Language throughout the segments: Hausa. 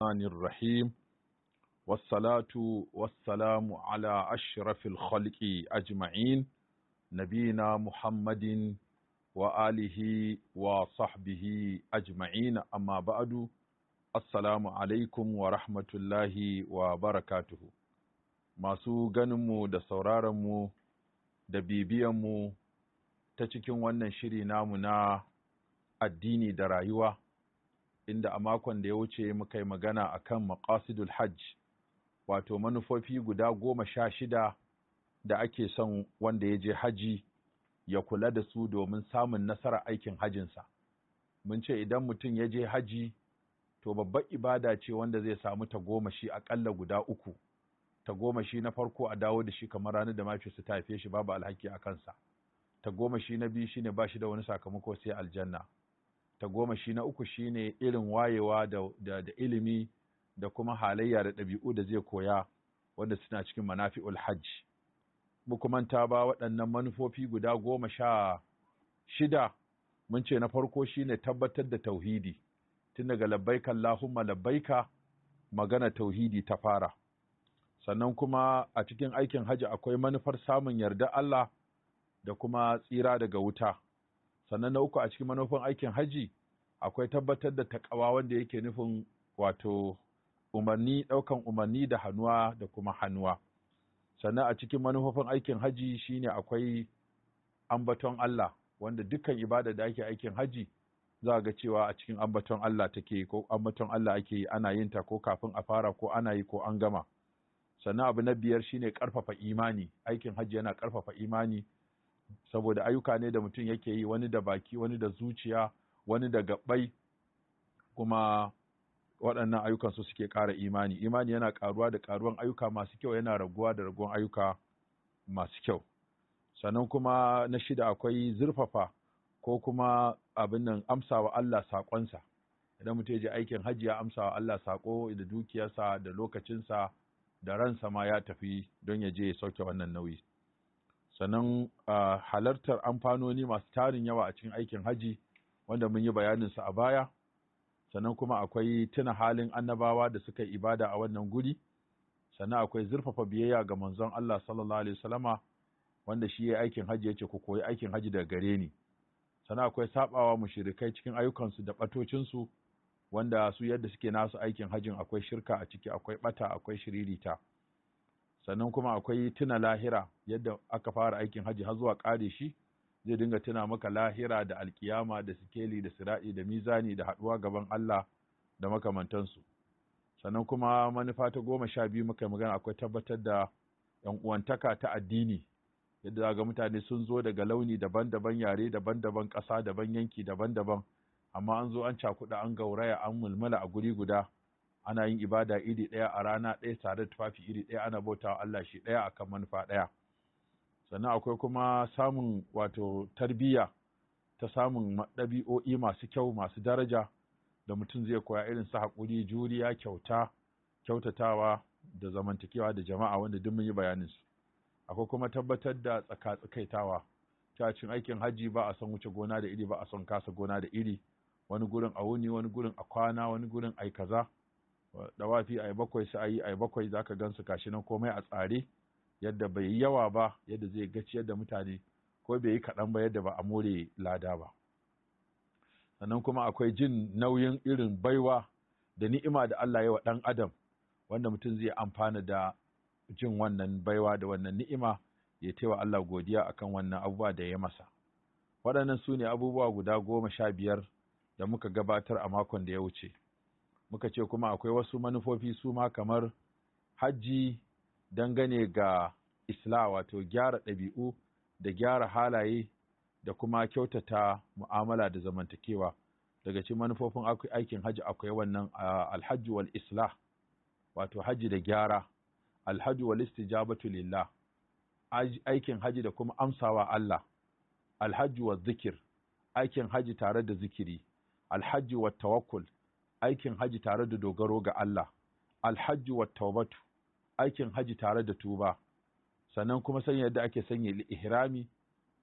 الرحمن الرحيم والصلاة والسلام على أشرف الخلق أجمعين نبينا محمد وآله وصحبه أجمعين أما بعد السلام عليكم ورحمة الله وبركاته masu ganinmu da sauraronmu da bibiyanmu ta cikin wannan shiri namu na addini da rayuwa inda a makon da ya wuce muka yi magana akan maƙasidul hajj wato manufofi guda goma sha shida da ake son wanda ya je haji ya kula da su domin samun nasara aikin hajjinsa. Mun ce idan mutum ya je haji, to babbar ibada ce wanda zai samu tagomashi aƙalla guda uku, tagomashi na farko a dawo da shi kamar ranar da mafi ta haife shi babu alhaki a kansa, tagomashi na biyu shine ba shi da wani sakamako sai aljanna, ta goma shi na uku shine irin wayewa da, da, ilimi da kuma halayya da ɗabi'u da zai koya wanda suna cikin manafi'ul hajji manta ba waɗannan manufofi guda goma sha shida mun ce na farko shine tabbatar da tauhidi tun daga labbaika Allahumma labbaika magana tauhidi ta fara sannan kuma a cikin aikin hajji akwai manufar samun yarda Allah da kuma tsira daga wuta sannan na uku a cikin manufan aikin haji akwai tabbatar da takawa wanda yake nufin wato umarni ɗaukan umarni da hannuwa da kuma hannuwa sannan a cikin manufofin aikin haji shine akwai ambaton Allah wanda dukkan ibada da ake aikin haji za ga cewa a cikin ambaton Allah take ko ambaton Allah ake ana yin ta ko kafin a fara ko ana yi ko an gama sannan abu na biyar shine karfafa imani aikin haji yana karfafa imani saboda ayyuka ne da mutum yake yi wani da baki wani da zuciya wani da gabbai kuma waɗannan ayyukan su suke ƙara imani imani yana ƙaruwa da ƙaruwan ayyuka masu kyau yana raguwa da raguwan ayyuka masu kyau sannan kuma na shida akwai zurfafa ko kuma abin nan amsawa Allah saƙonsa idan mutum ya je aikin hajji ya amsawa Allah saƙo da dukiyarsa da lokacinsa da ransa ma ya tafi don ya je ya sauke wannan nauyi sannan halartar amfanoni masu tarin yawa a cikin aikin haji wanda mun yi bayaninsu a baya sannan kuma akwai tuna halin annabawa da suka yi ibada a wannan guri sannan akwai zurfafa biyayya ga manzon Allah sallallahu alaihi wasallama wanda shi ya aikin haji yace ku koyi aikin haji daga gare ni sannan akwai sabawa mushrikai cikin ayyukansu da batocinsu wanda su yadda suke nasu aikin hajin akwai shirka a ciki akwai bata akwai shiririta sannan kuma akwai tuna lahira yadda aka fara aikin hajji har zuwa ƙare shi zai dinga tuna maka lahira da alkiyama da sikeli da sira'i da mizani da haɗuwa gaban Allah da makamantansu sannan kuma manufa ta goma sha biyu muka magana akwai tabbatar da yan uwantaka ta addini yadda za ga mutane sun zo daga launi daban-daban yare daban-daban ƙasa daban yanki daban-daban amma an zo an cakuɗa an gauraya an mulmula a guri guda ana yin ibada iri ɗaya a rana ɗaya tare da tufafi iri ɗaya ana bauta Allah shi ɗaya akan manufa ɗaya sannan akwai kuma samun wato tarbiyya ta samun ɗabi'o'i masu kyau masu daraja da mutum zai koya irin su haƙuri juriya kyauta kyautatawa da zamantakewa da jama'a wanda duk mun yi bayanin su akwai kuma tabbatar da tsaka-tsakaitawa ta cin aikin hajji ba a son wuce gona da iri ba a son kasa gona da iri wani gurin a wuni wani gurin a kwana wani gurin ai kaza dawafi ai bakwai su sa'ayi ai bakwai za zaka gansu kashi nan komai a tsare yadda bai yi yawa ba yadda zai gaci yadda mutane ko bai yi kaɗan ba yadda ba a more lada ba sannan kuma akwai jin nauyin irin baiwa da ni'ima da Allah ya wa ɗan adam wanda mutum zai amfana da jin wannan baiwa da wannan ni'ima ya taiwa Allah godiya akan wannan abubuwa da ya masa waɗannan su ne abubuwa guda goma sha biyar da muka gabatar a makon da ya wuce muka ce kuma akwai wasu manufofi su ma kamar hajji dangane ga isla wato gyara ɗabi'u da gyara halaye da kuma kyautata mu'amala da zamantakewa daga cikin manufofin aikin hajji akwai wannan alhaji wal islah wato hajji da gyara alhaji wal istijabatu lillah aikin hajji da kuma amsawa Allah Alhaji wa zikir aikin hajji tare da zikiri Alhaji wa tawakkul aikin haji tare da dogaro ga Allah Alhaji wa Taubatu aikin haji tare da tuba sannan kuma sanya yadda ake sanya ihrami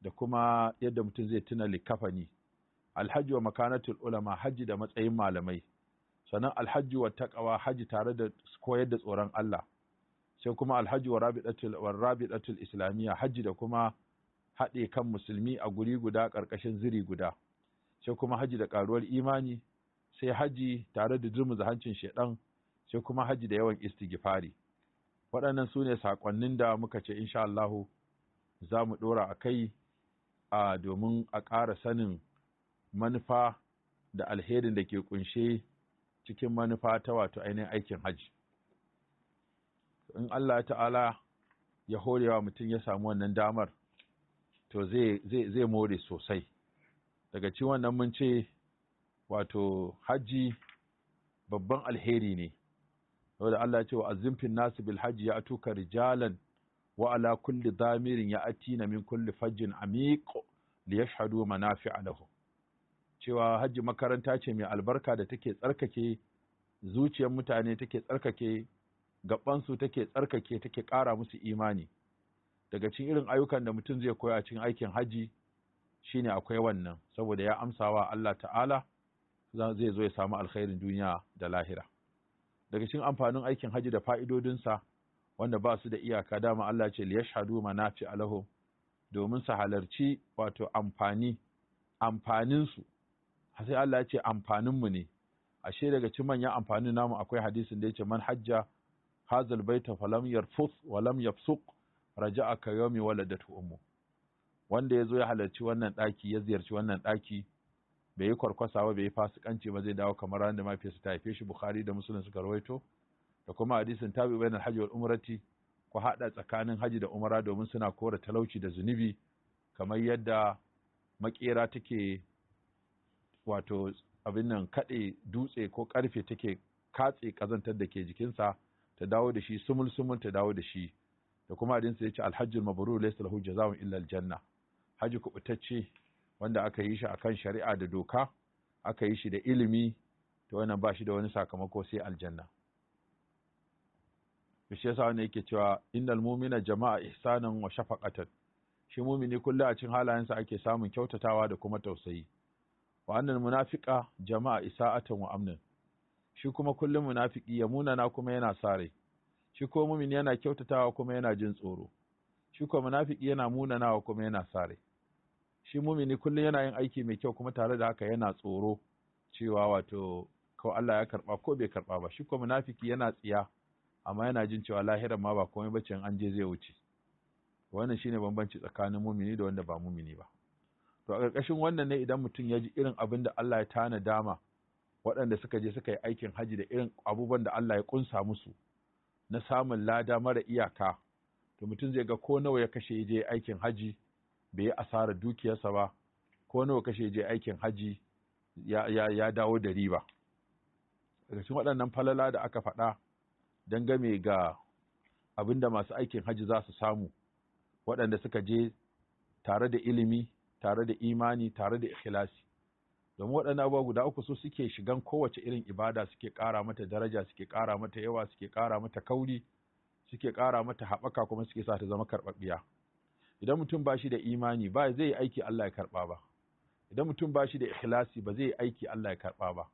da kuma yadda mutum zai tuna likafani Alhaji wa makanatul ulama haji da matsayin malamai sannan alhaji wa Takawa haji tare da koyar da tsoron Allah sai kuma alhaji wa rabidatul islamiyya haji da kuma haɗe kan musulmi a guri guda ƙarƙashin ziri guda sai kuma haji da ƙaruwar imani sai haji tare da jirmu hancin shaidan sai kuma haji da yawan istighfari waɗannan su ne saƙonnin da muka ce insha Allahu za mu ɗora a kai a domin a ƙara sanin manufa da alherin da ke ƙunshe cikin manufa ta wato ainihin aikin haji. In Allah ta'ala ya horewa mutum ya samu wannan damar, to zai more sosai. Daga ci wannan mun ce wato hajji babban alheri ne saboda Allah ya ce wa azimfin nasu bil hajji ya tuka rijalan wa ala kulli zamirin ya atina min kulli fajjin amiq li yashhadu manafi'a lahu cewa hajji makaranta ce mai albarka da take tsarkake zuciyar mutane take tsarkake su take tsarkake take ƙara musu imani daga cikin irin ayyukan da mutum zai koya cikin aikin hajji shine akwai wannan saboda ya amsawa Allah ta'ala zai zo ya samu alkhairin duniya da lahira daga cikin amfanin aikin haji da fa'idodinsa wanda ba su da iyaka dama Allah ce liyashhadu manafi alahu domin su halarci wato amfani amfaninsu sai Allah ya ce amfaninmu ne ashe daga cikin manyan amfanin namu akwai hadisin da ya ce man hajja hazal baita falam yarfus walam yafsuq raja'a ka yawmi waladatu ummu wanda yazo ya halarci wannan daki ya ziyarci wannan daki bai yi kwarkwasa ba bai yi fasikanci ba zai dawo kamar ranar da mafiyarsa ta haife shi bukhari da musulun suka rawaito da kuma hadisin tabi bainal hajji wal umrati ku haɗa tsakanin hajji da umara domin suna kora talauci da zunubi kamar yadda makera take wato abin nan kaɗe dutse ko ƙarfe take katse ƙazantar da ke jikinsa ta dawo da shi sumul sumul ta dawo da shi da kuma hadisin ya ce alhajjul mabrur laysa lahu jazaa'un illa aljanna haji kubutacce wanda aka yi shi akan shari'a da doka aka yi shi da ilimi to wannan ba shi da wani sakamako sai aljanna shi yasa wannan yake cewa innal mu'mina jama'a ihsanan wa shafaqatan shi mumini kullu a cikin halayensa ake samun kyautatawa da kuma tausayi wa annal munafiqa jama'a isa'atan wa amnan shi kuma kullum munafiki ya munana kuma yana sare shi ko mumin yana kyautatawa kuma yana jin tsoro shi ko munafiki yana munanawa kuma yana sare shi mumini kullum yana yin aiki mai kyau kuma tare da haka yana tsoro cewa wato ko Allah ya karba ko bai karba ba shi ko munafiki yana tsiya amma yana jin cewa lahiran ma ba komai bace an je zai wuce wannan shine bambanci tsakanin mumini da wanda ba mumini ba to a ƙarƙashin wannan ne idan mutum ya ji irin abin da Allah ya tana dama waɗanda suka je suka yi aikin haji da irin abubuwan da Allah ya kunsa musu na samun lada mara iyaka to mutum zai ga ko nawa ya kashe ya je aikin haji bai yi asara dukiyarsa ba ko nawa kashe je aikin haji ya, dawo da riba daga cikin waɗannan falala da aka faɗa don game ga abin da masu aikin haji za su samu waɗanda suka je tare da ilimi tare da imani tare da ikhlasi domin waɗannan abubuwa guda uku su suke shigan kowace irin ibada suke ƙara mata daraja suke ƙara mata yawa suke ƙara mata kauri suke ƙara mata haɓaka kuma suke sa ta zama karɓaɓɓiya idan mutum ba shi da imani ba zai yi aiki Allah ya karɓa ba idan mutum ba shi da ikhlasi ba zai yi aiki Allah ya karɓa ba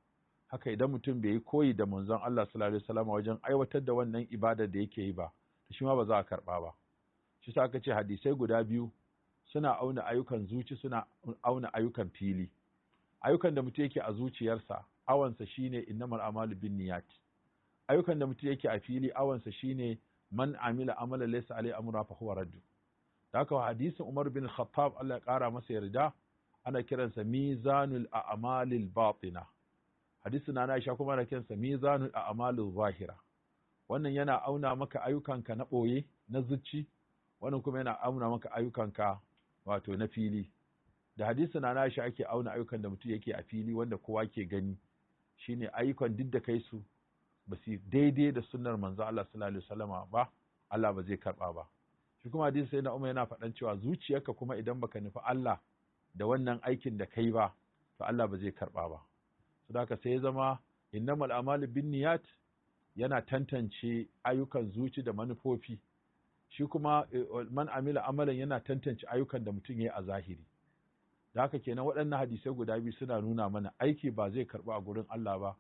haka idan mutum bai yi koyi da manzon Allah sallallahu alaihi wasallam wajen aiwatar da wannan ibada da yake yi ba to shi ma ba za a karɓa ba shi sa aka ce hadisai guda biyu suna auna ayyukan zuci suna auna ayyukan fili ayyukan da mutum yake a zuciyarsa awansa shine innamal amalu binniyat ayyukan da mutum yake a fili awansa shine man amila amala laysa alai amra fa huwa raddu da haka hadisin Umar bin Khattab Allah ya kara masa yarda ana kiransa mizanul a'malil batina hadisin na Aisha kuma ana kiransa mizanul a'malil zahira wannan yana auna maka ayyukanka na boye na zuci wannan kuma yana auna maka ayyukanka wato na fili da hadisin na Aisha ake auna ayyukan da mutum yake a fili wanda kowa ke gani shine ayyukan duk da kai su ba su daidai da sunnar manzo Allah sallallahu alaihi wasallama ba Allah ba zai karba ba shi kuma hadisi sai na umar yana faɗan cewa zuciyarka kuma idan baka nufi Allah da wannan aikin da kai ba to Allah ba zai karɓa ba saboda sai ya zama innamal amalu binniyat yana tantance ayyukan zuci da manufofi shi kuma e, man amila amalan yana tantance ayyukan da mutum ya yi a zahiri da haka kenan waɗannan hadisai guda biyu suna nuna mana aiki ba zai karɓa a gurin Allah ba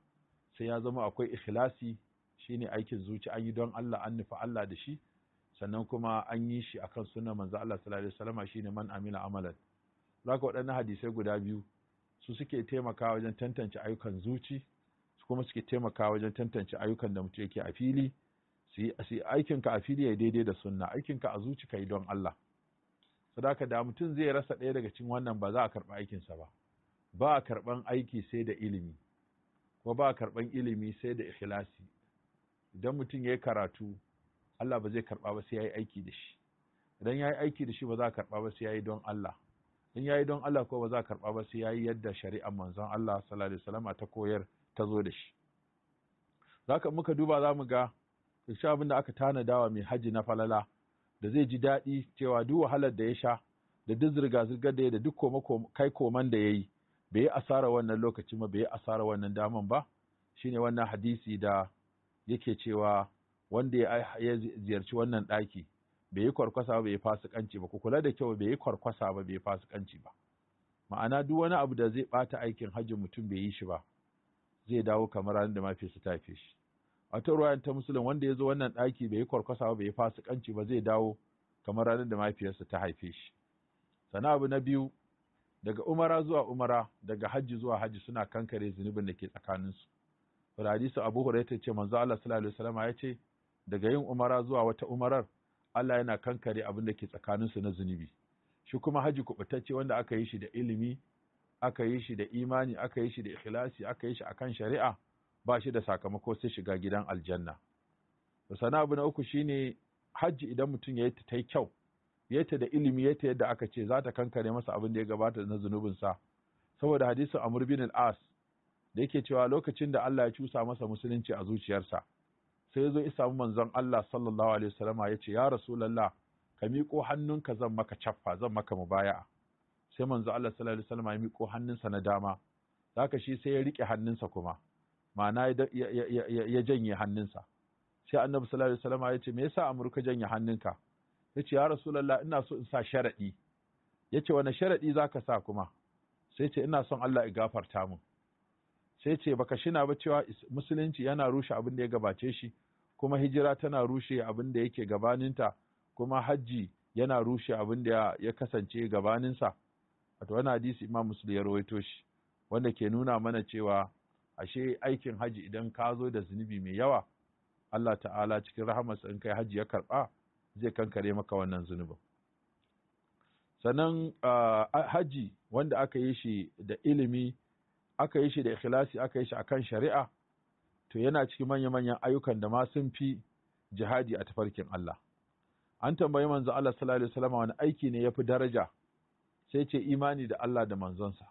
sai ya zama akwai ikhlasi shine aikin zuci an yi don Allah an nufi Allah da shi sannan kuma an yi shi akan sunan manzo Allah sallallahu alaihi wasallam shine man amila amalan zaka waɗannan hadisai guda biyu su suke taimakawa wajen tantance ayyukan zuci su kuma suke taimaka wajen tantance ayyukan da mutum yake a fili su yi aikinka a fili ya daidai da sunna aikin ka a zuci ka don Allah sadaka da mutum zai rasa ɗaya daga cikin wannan ba za a karɓi aikinsa ba ba a karɓan aiki sai da ilimi kuma ba a karɓan ilimi sai da ikhlasi idan mutum ya yi karatu Allah ba zai karɓa ba sai ya yi aiki da shi idan ya yi aiki da shi ba za a karɓa ba sai ya yi don Allah in ya yi don Allah ko ba za a karɓa ba sai ya yi yadda shari'ar manzon Allah sallallahu alaihi wasallam ta koyar ta zo da shi zaka muka duba za mu ga shi abin da aka tanadawa mai haji na falala da zai ji daɗi cewa duk wahalar da ya sha da duk zirga-zirgar da ya da duk kai koman da ya yi bai yi asara wannan lokaci ma bai asara wannan daman ba shine wannan hadisi da yake cewa wanda ya ziyarci wannan ɗaki bai yi kwarkwasa ba bai fasikanci ba ku kula da kyau bai yi kwarkwasa ba bai fasikanci ba ma'ana duk wani abu da zai bata aikin hajji mutum bai yi shi ba zai dawo kamar ranar da mafi su tafe shi a ta ruwayan ta musulun wanda ya zo wannan ɗaki bai yi kwarkwasa ba bai yi fasikanci ba zai dawo kamar ranar da mafiyarsa ta haife shi sana abu na biyu daga umara zuwa umara daga hajji zuwa hajji suna kankare zunubin da ke tsakaninsu. Hadisi Abu Hurairah ce manzo Allah sallallahu alaihi wasallam ya ce daga yin umara zuwa wata umarar Allah yana kankare abin da ke tsakaninsu na zunubi shi kuma haji kubutacce wanda aka yi shi da ilimi aka yi shi da imani aka yi shi da ikhlasi aka yi shi akan shari'a ba shi da sakamako sai shiga gidan aljanna sana abu na uku shine hajji idan mutum ya yi ta kyau ya da ilimi ya ta yadda aka ce za ta kankare masa abin da ya gabata na zunubin sa saboda hadisin amr bin al-as da yake cewa lokacin da Allah ya cusa masa musulunci a zuciyarsa sai zo ya samu manzon Allah sallallahu alaihi wasallama yace ya rasulullah ka miƙo hannunka zan maka caffa zan maka mubaya'a sai manzon Allah sallallahu alaihi wasallama ya miƙo hannunsa na dama zaka shi sai ya rike hannunsa kuma ma'ana ya janye hannunsa sai annabi sallallahu alaihi wasallama yace me yasa amurka janye hannunka yace ya rasulullah ina so in sa sharadi yace wani sharadi zaka sa kuma sai ce ina son Allah ya gafarta mu sai ce baka shina ba cewa musulunci yana rushe abin da ya gabace shi kuma hijira tana rushe abin da yake gabaninta kuma hajji yana rushe abin da ya kasance gabaninsa wato wani hadisi imam musulun ya rawaito shi wanda ke nuna mana cewa ashe aikin hajji idan ka zo da zunubi mai yawa Allah ta'ala cikin rahamarsa in kai hajji ya karɓa zai kankare maka wannan zunubin sannan ah, hajji wanda aka yi shi da ilimi aka yi shi da ikhlasi aka yi shi akan shari'a to yana cikin manya-manyan ayyukan da ma sun fi jihadi a tafarkin Allah an tambayi manzo Allah sallallahu alaihi wasallam wani aiki ne ya fi daraja sai ce imani da Allah da manzonsa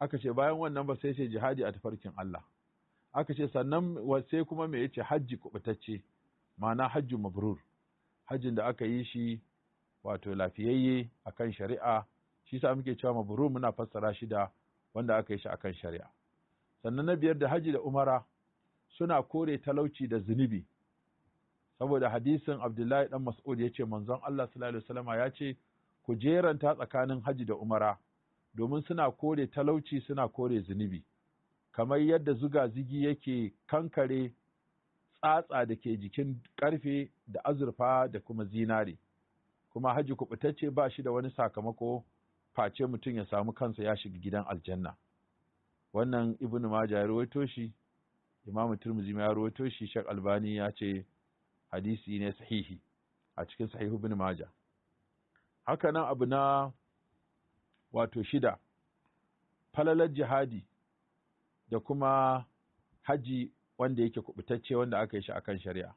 aka ce bayan wannan ba sai ce jihadi a tafarkin Allah aka ce sannan sai kuma me yace hajji kubutacce ma'ana hajji mabrur hajjin da aka yi shi wato lafiyayye akan shari'a shi sa muke cewa mabrur muna fassara shi da wanda aka yi shi akan shari'a sannan na biyar da haji da umara suna kore talauci da zunubi saboda hadisin abdullahi dan mas'ud ya ce manzon Allah sallallahu alaihi wasallama ya ce ku jeranta tsakanin haji da umara domin suna kore talauci suna kore zunubi kamar yadda zuga-zigi yake kankare tsatsa da ke jikin karfe da azurfa da kuma zinare kuma haji kuɓutacce ba shi da wani sakamako face mutum ya samu kansa ya shiga gidan aljanna wannan ibnu majah ya rawaito shi imam tirmidhi ya rawaito shi Shak albani ya ce hadisi ne sahihi a cikin sahihu ibnu majah haka nan abu na wato shida falalar jihadi da kuma haji wanda yake kubutacce wanda aka yi shi akan shari'a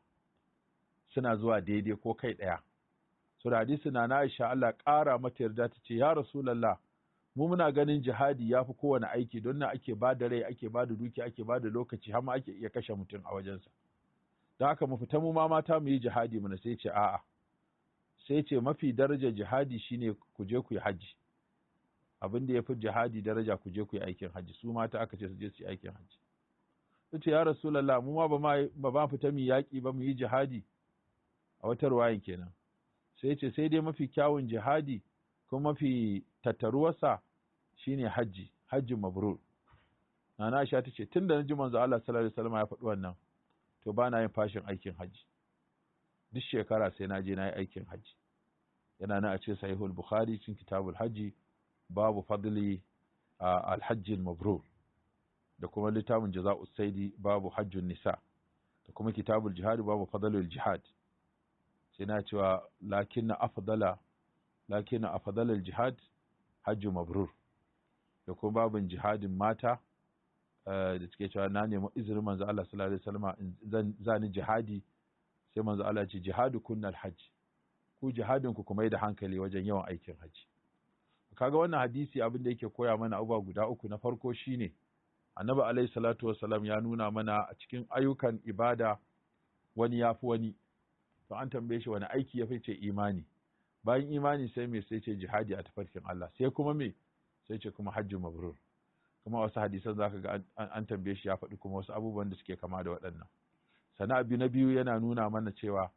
suna zuwa daidai ko kai ɗaya so da hadisi na na Aisha Allah ƙara mata yarda ta ce ya Rasulullah mu muna ganin jihadi ya fi kowane aiki don na ake ba da rai ake ba da duki ake ba da lokaci har ma ake iya kashe mutum a wajensa don haka mu fita mu ma mata mu yi jihadi mana sai ce a'a sai ce mafi daraja jihadi shine ku je ku yi haji abin da ya fi jihadi daraja ku je ku yi aikin haji su mata aka ce su je su yi aikin haji su ce ya rasulallah mu ma ba ma fita mu yaƙi ba mu yi jihadi a wata ruwayin kenan sai ce sai dai mafi kyawun jihadi kuma mafi tattaruwarsa shine hajji hajji mabrur ce tun tun na naji manzo Allah sallallahu alaihi wasallam ya faɗi wannan to ba na yin fashin aikin hajji duk shekara sai na je na yi aikin hajji yana na a ce sahihul bukhari cikin kitabul hajji babu fadli alhajji al-mabrur da kuma littafin jaza'us saidi babu hajjun nisa da kuma kitabul jihad babu fadlul jihad sai na cewa lakin na afdala lakin na afdalal jihad hajji mabrur da kuma babin jihadin mata eh, da suke cewa na nemi izinin manzo Allah sallallahu alaihi wasallam zan zani jihadi sai manzo Allah ce jihadu kunnal hajj ku jihadin ku kuma da hankali wajen yawan aikin hajji kaga wannan hadisi abin da yake koya mana abuwa guda uku na farko shine annabi alaihi salatu wasallam ya nuna mana a cikin ayyukan ibada wani yafi wani to an tambaye shi wani aiki ya ce imani bayan imani sai me sai ce jihadi a tafarkin Allah sai kuma me sai ce kuma hajji mabrur kuma wasu hadisan zaka ga an tambaye shi ya faɗi kuma wasu abubuwan da suke kama da waɗannan sana'a biyu na biyu yana nuna mana cewa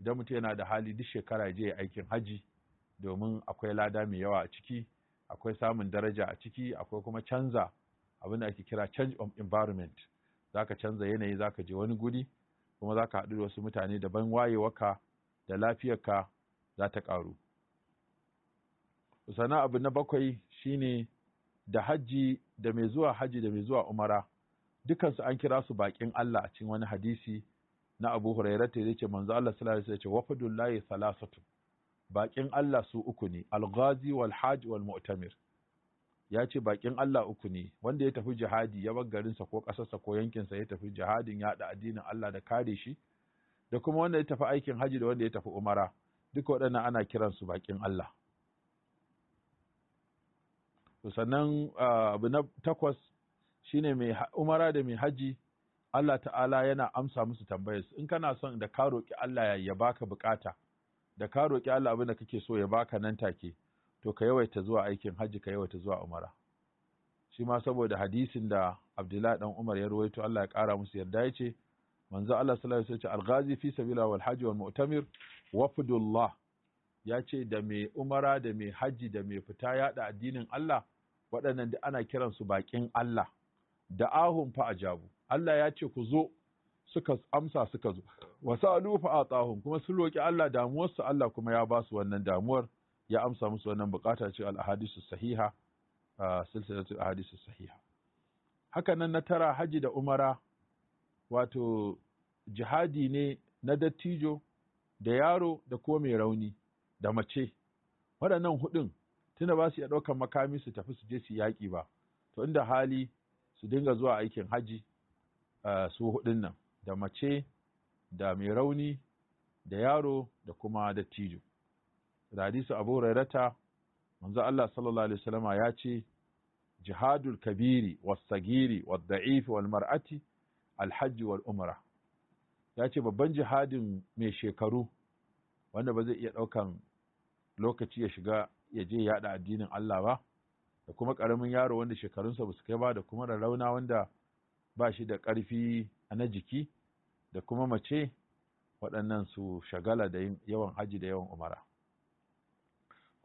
idan mutum yana da hali duk shekara je aikin hajji, domin akwai lada mai yawa a ciki akwai samun daraja a ciki akwai kuma canza abin da ake kira change of environment zaka canza yanayi zaka je wani guri kuma za ka haɗu da wasu mutane daban wayewarka da lafiyarka za ta ƙaru sana abu na bakwai shine da hajji da mai zuwa hajji da mai zuwa umara dukansu an kira su baƙin Allah a cikin wani hadisi na Abu Hurairah ta ce manzo Allah sallallahu alaihi wasallam yace wafadullahi salasatu baƙin Allah su uku ne al-ghazi wal hajj wal mu'tamir ya ce bakin Allah uku ne wanda ya tafi jihadi ya bar garinsa ko ƙasarsa ko yankinsa ya tafi jihadin ya haɗa addinin Allah da kare shi da kuma wanda ya tafi aikin haji da wanda ya tafi umara duka waɗannan ana kiransu bakin Allah sannan abu na takwas shine mai umara da mai haji Allah ta'ala yana amsa musu tambayarsu in kana son da ka roƙi Allah ya baka bukata da ka roƙi Allah abin da kake so ya baka nan take to ka yawaita zuwa aikin hajji ka yawaita zuwa umara shi ma saboda hadisin da abdullahi dan umar ya ruwaito Allah ya kara musu yarda ya ce manzo Allah sallallahu alaihi wasallam al-ghazi fi sabila wal hajj wal mu'tamir wafdullah ya ce da mai umara da mai hajji da mai fita da addinin Allah waɗannan da ana kiran su bakin Allah da ahun fa ajabu Allah ya ce ku zo suka amsa suka zo wasalu fa atahum kuma sun roki Allah damuwarsu Allah kuma ya ba su wannan damuwar ya amsa musu wannan bukata ce al-ahadisu sahiha silsilatu ahadisu sahiha haka nan na tara haji da umara wato jihadi ne na dattijo da yaro da ko mai rauni da mace waɗannan hudun tuna ba su iya ɗaukar makami su tafi su je su yaki ba to inda hali su dinga zuwa aikin haji su hudun nan da mace da mai rauni da yaro da kuma dattijo da hadisu abu rairata manzo Allah sallallahu alaihi wasallama ya ce jihadul kabiri was-sagiri wad-da'ifi wal-mar'ati al-hajj wal-umra ya ce babban jihadin mai shekaru wanda ba zai iya ɗaukan lokaci ya shiga ya je yaɗa addinin Allah ba da kuma ƙaramin yaro wanda shekarunsa ba su kai ba da kuma rarrauna wanda ba shi da ƙarfi na jiki da kuma mace waɗannan su shagala da yawan haji da yawan umara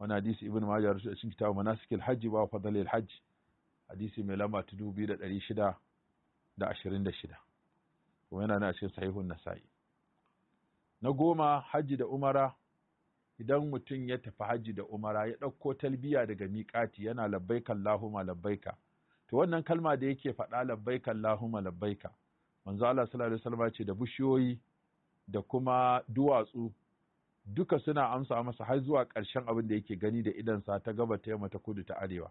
wani hadisi ibn majah ya a cikin kitabu manasikil hajji fa dalil hajji hadisi mai lamba ta dubu biyu da ɗari shida da ashirin da shida kuma yana na cikin sahihun nasa'i na goma hajji da umara idan mutum ya tafi hajji da umara ya ɗauko talbiya daga miƙati yana labbaikan lahuma labbaika to wannan kalma da yake faɗa labbaikan lahuma labbaika manzo Allah sallallahu alaihi ce da bishiyoyi da kuma duwatsu duka suna amsa masa har zuwa ƙarshen abin da yake gani da idansa ta gaba ta yamma ta kudu ta arewa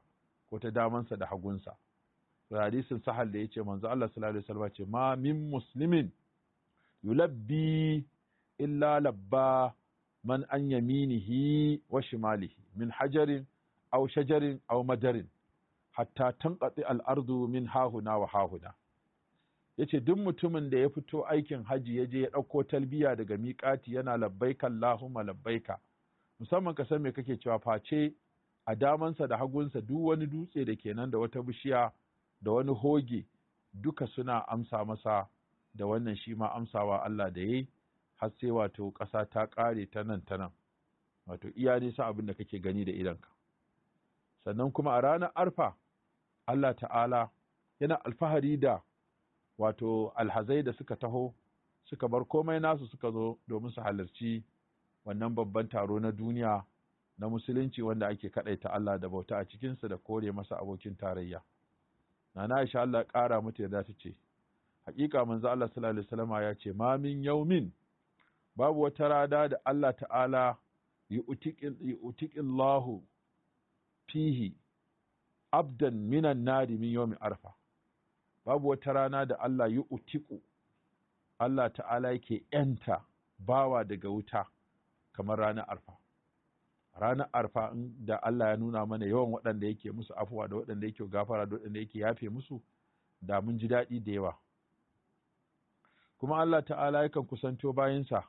ko ta damansa da hagunsa hadisin sahal da yace manzo Allah sallallahu alaihi wasallam ce ma min muslimin yulabbi illa labba man an yaminihi wa shimalihi min hajarin aw shajarin aw madarin hatta tanqati al-ardu min hahuna wa hahuna yace duk mutumin da ya fito aikin haji ya je ya ɗauko talbiya daga miƙati yana labbaika Allahumma labbaika musamman ka san me kake cewa face a damansa da hagunsa duk wani dutse da kenan da wata bishiya da wani hoge duka suna amsa masa da wannan shi ma amsawa Allah da yayi har sai wato ƙasa ta ƙare ta nan ta nan wato iya nisa abin da kake gani da idanka sannan kuma a ranar arfa Allah ta'ala yana alfahari da wato alhazai da suka taho suka bar komai nasu suka zo domin su halarci wannan babban taro na duniya na musulunci wanda ake kaɗaita Allah da bauta a cikinsa da kore masa abokin tarayya. Nana Aisha Allah ƙara mutu yadda ta ce, Hakika manzo Allah sallallahu alaihi ya ce, "Ma min babu wata rada da Allah ta'ala Yi yu'tiqillahu fihi abdan minan nari min yawmin arfa." babu wata rana da Allah yi utiku Allah ta'ala yake ‘yanta bawa daga wuta kamar ranar arfa. Ranar arfa da Allah ya nuna mana yawan waɗanda yake musu afuwa da waɗanda yake gafara da waɗanda yake yafe musu da mun ji daɗi da yawa. Kuma Allah ta'ala yakan kusanto bayansa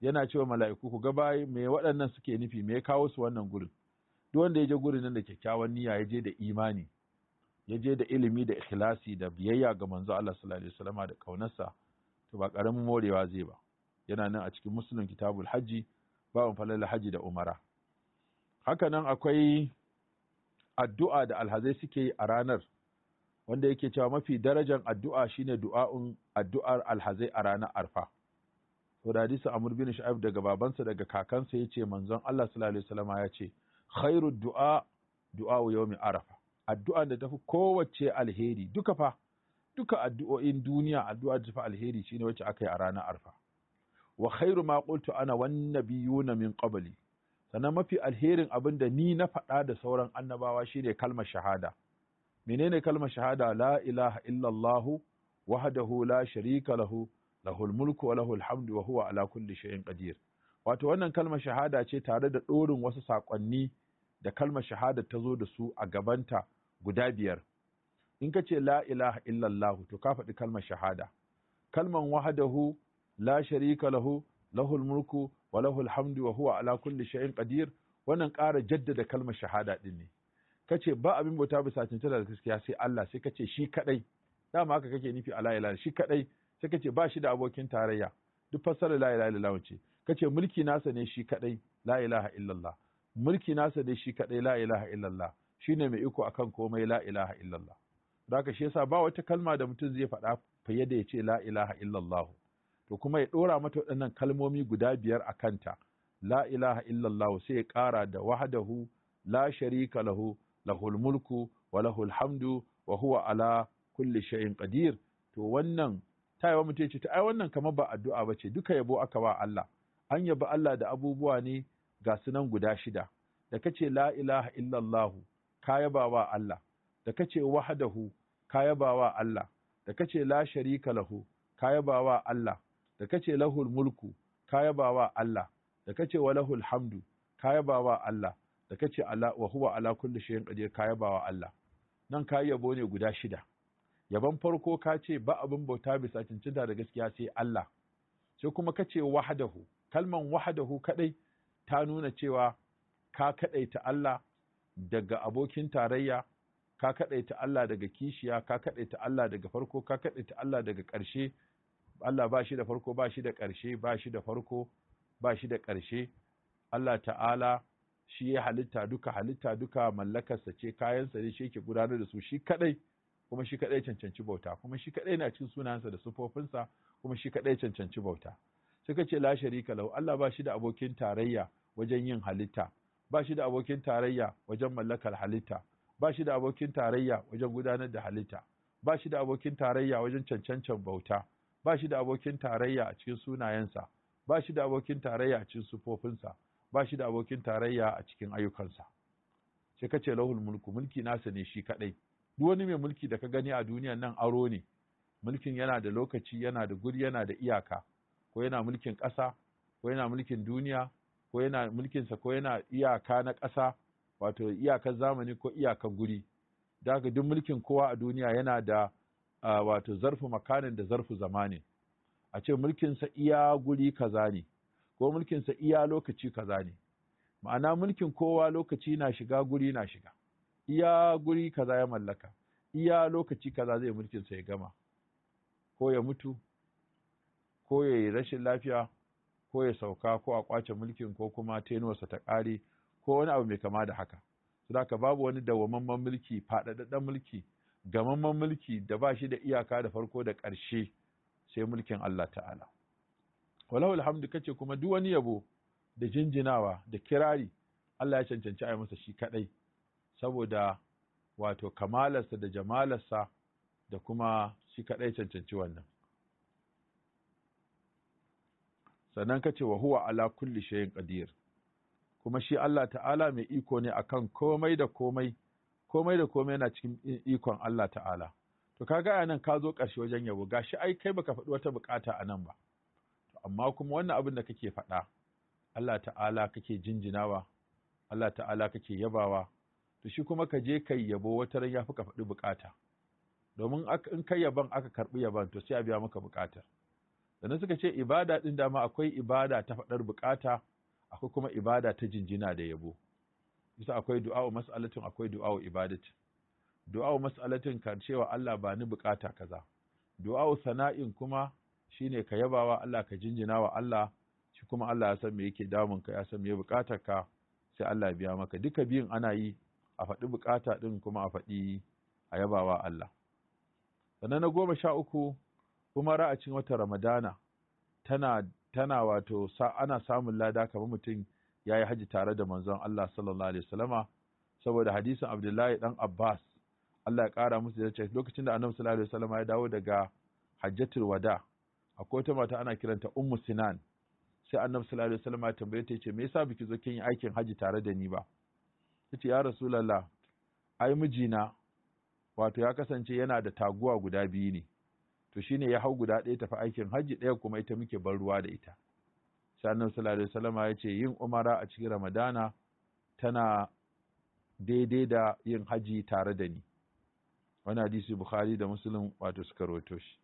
yana cewa mala'iku ku ga bayi me waɗannan suke nufi me ya kawo su wannan gurin. Duk wanda ya je gurin nan da kyakkyawan niyya ya je da imani ya je da ilimi da ikhlasi da biyayya ga manzo Allah sallallahu alaihi wasallama da kaunarsa to ba karamin morewa zai ba yana nan a cikin muslim kitabul hajji babin falal haji da umara haka nan akwai addu'a da alhazai suke yi a ranar wanda yake cewa mafi darajan addu'a shine du'a'un addu'ar alhazai a ranar arfa to da hadisi amr bin shaib daga babansa daga kakansa yace manzon Allah sallallahu alaihi wasallama ya ce khairu du'a du'a yawmi arafa Addu'an da tafi kowace alheri duka fa duka addu'o'in duniya addu'a da tafi alheri shine wacce aka yi a ranar arfa wa khairu ma qultu ana wan nabiyuna min qabli sannan mafi alherin abin da ni na faɗa da sauran annabawa shine kalmar shahada menene kalmar shahada la ilaha illallahu wahdahu la sharika lahu lahul mulku wa lahul hamdu wa huwa ala kulli shay'in qadir wato wannan kalmar shahada ce tare da ɗorin wasu saƙonni da kalmar shahada ta zo da su a gabanta guda biyar in ka ce la ilaha illallahu, to ka faɗi kalmar shahada kalman wahadahu la sharika lahu lahul mulku wa lahul hamdu wa huwa ala kulli shay'in qadir wannan ƙara jaddada kalmar shahada din ne kace ba abin bauta bisa cancanta da gaskiya sai Allah sai kace shi kadai dama haka kake nufi ala ilaha shi kadai sai kace ba shi da abokin tarayya duk fassarar la ilaha illallah ce kace mulki nasa ne shi kadai la ilaha illallah mulki nasa ne shi kadai la ilaha illallah shine mai iko akan komai la ilaha illallah haka shi yasa ba wata kalma da mutum zai faɗa fiye da ya ce la ilaha illallah to kuma ya ɗora mata waɗannan kalmomi guda biyar a kanta la ilaha illallah sai ya ƙara da wahdahu la sharika lahu lahul mulku wa lahul hamdu wa huwa ala kulli shay'in qadir to wannan tayawa mutum ce ta ai wannan kamar ba addu'a ba ce duka yabo aka ba Allah an yabi Allah da abubuwa ne ga sunan guda shida da kace la ilaha illallah ka yaba wa Allah da kace wahadahu. ka yaba wa Allah da kace la sharika lahu ka yaba wa Allah da kace lahul mulku ka yaba wa Allah da kace lahul hamdu ka yaba wa Allah da kace ala wa huwa ala kulli shay'in qadir ka yaba wa Allah nan ka yabo ne guda shida yaban farko ka ce ba abin bauta bisa cancanta da gaskiya sai Allah sai kuma ka ce wahdahu kalman wahadahu kadai ta nuna cewa ka kadaita Allah daga abokin tarayya ka kaɗaita Allah daga kishiya ka kaɗaita Allah daga farko ka kaɗaita Allah daga ƙarshe Allah ba shi da farko ba shi da ƙarshe ba shi da farko ba shi da ƙarshe Allah ta'ala shi ya halitta duka halitta duka mallakarsa ce kayansa ne shi yake gudanar da su shi kaɗai kuma shi kaɗai cancanci bauta kuma shi kaɗai na cin sunansa da sufofinsa kuma shi kaɗai cancanci bauta suka ce la sharika lau Allah ba shi da abokin tarayya wajen yin halitta ba shi da abokin tarayya wajen mallakar halitta ba shi da abokin tarayya wajen gudanar da halitta ba shi da abokin tarayya wajen cancancan bauta ba shi da abokin tarayya a cikin sunayensa ba shi da abokin tarayya a cikin sufofinsa ba shi da abokin tarayya a cikin ayyukansa sai kace lahul mulku mulki nasa ne shi kadai duk wani mai mulki da ka gani a duniyan nan aro ne mulkin yana da lokaci yana da guri yana da iyaka ko yana mulkin ƙasa ko yana mulkin duniya ko yana mulkinsa ko yana iyaka na ƙasa wato iyakar zamani ko iyakar guri daga duk mulkin kowa a duniya yana da wato zarfu makanin da zarfu zamani a ce mulkinsa iya guri kaza ne ko mulkinsa iya lokaci kaza ne ma'ana mulkin kowa lokaci na shiga guri na shiga iya guri kaza ya mallaka iya lokaci kaza zai mulkinsa ya gama ko ya mutu ko ya yi rashin lafiya ko ya sauka ko a kwace mulkin ko kuma tenuwarsa ta ƙare ko wani abu mai kama da haka saboda babu wani dawwamamman mulki faɗaɗaɗɗen mulki gamamman mulki da ba shi da iyaka da farko da ƙarshe sai mulkin Allah ta'ala walahu alhamdu kace kuma duk wani yabo da jinjinawa da kirari Allah ya cancanci a yi masa shi kaɗai saboda wato kamalarsa da jamalarsa da kuma shi kaɗai cancanci wannan sannan ka ce wa huwa ala kulli shay'in qadir kuma shi Allah ta'ala mai iko ne akan komai da komai komai da komai yana cikin ikon Allah ta'ala to kaga a nan ka zo ƙarshe wajen yabo gashi ai kai baka faɗi wata bukata a nan ba to amma kuma wannan abin da kake faɗa Allah ta'ala kake jinjinawa Allah ta'ala kake yabawa to shi kuma ka je kai yabo wata ran yafi ka faɗi bukata domin in kai yaban aka karɓi yaban to sai a biya maka bukatar sannan suka ce ibada ɗin dama akwai ibada ta faɗar bukata akwai kuma ibada ta jinjina da yabo bisa akwai du'a'u mas'alatin akwai du'a'u ibadatin du'a'u mas'alatin ka cewa Allah ba ni bukata kaza du'a'u sana'in kuma shine ka yabawa Allah ka jinjina wa Allah shi kuma Allah ya san me yake damun ka ya san me bukatar ka sai Allah biya maka duka biyun ana yi a faɗi bukata ɗin kuma a faɗi a yabawa Allah sannan na goma sha uku Kuma a cikin wata ramadana tana tana wato ana samun lada kamar mutum ya yi haji tare da manzon Allah sallallahu alaihi wasallama saboda hadisin Abdullahi dan Abbas Allah ya kara musu da cewa lokacin da Annabi sallallahu alaihi wasallama ya dawo daga Hajjatul Wada akwai wata mata ana kiranta Ummu Sinan sai Annabi sallallahu alaihi wasallama ya tambaye ta yace me yasa biki zo kin yi aikin haji tare da ni ba tace ya Rasulullah ai mijina wato ya kasance yana da taguwa guda biyu ne to shine ya hau guda ɗaya tafi aikin hajji ɗaya kuma ita muke bar ruwa da ita sannan sallallahu alaihi wasallama ya ce yin umara a cikin ramadana tana daidai da yin hajji tare da ni wani hadisi bukhari da muslim wato suka rawaito shi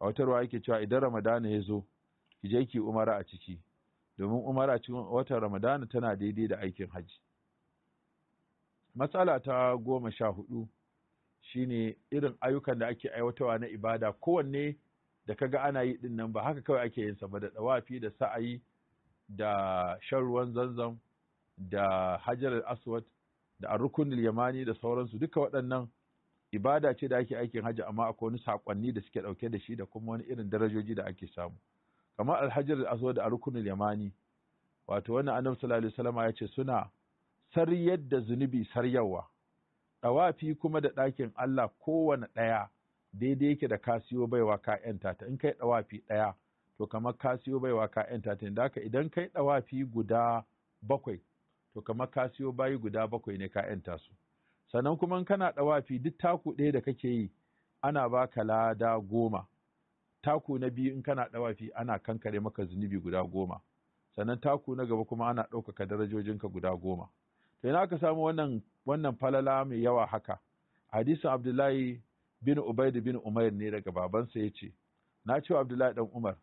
a wata ruwa yake cewa idan ramadana ya zo ki je ki umara a ciki domin umara cikin watan ramadana tana daidai da aikin hajji matsala ta goma sha hudu shine irin ayyukan da ake aiwatawa na ibada kowanne da kaga ana yi din nan ba haka kawai ake yin sa ba da dawafi da sa'ayi da shan ruwan zanzam da hajar al-aswad da arrukunul yamani da sauransu duka waɗannan ibada ce da ake aikin hajji amma akwai wani sakonni da suke ɗauke da shi da kuma wani irin darajoji da ake samu kamar alhajar al-aswad da arrukunul yamani wato wannan annabi sallallahu alaihi wasallam ya ce suna saryar da zunubi saryawa ɗawafi kuma da ɗakin Allah kowane ɗaya daidai yake da ka siyo baiwa ka ‘yanta ta in kai ɗawafi ɗaya to kamar ka baiwa ka ‘yanta ta da idan kai ɗawafi guda bakwai to kamar ka siyo bayi guda bakwai ne ka ‘yanta su sannan kuma in kana ɗawafi duk taku ɗaya da kake yi ana baka lada goma taku na biyu in kana ɗawafi ana kankare maka zunubi guda goma sannan taku na gaba kuma ana ɗaukaka darajojinka guda goma to ina ka samu wannan wannan falala mai yawa haka hadisin abdullahi bin ubaidu bin umar ne daga babansa ya ce na ce abdullahi dan umar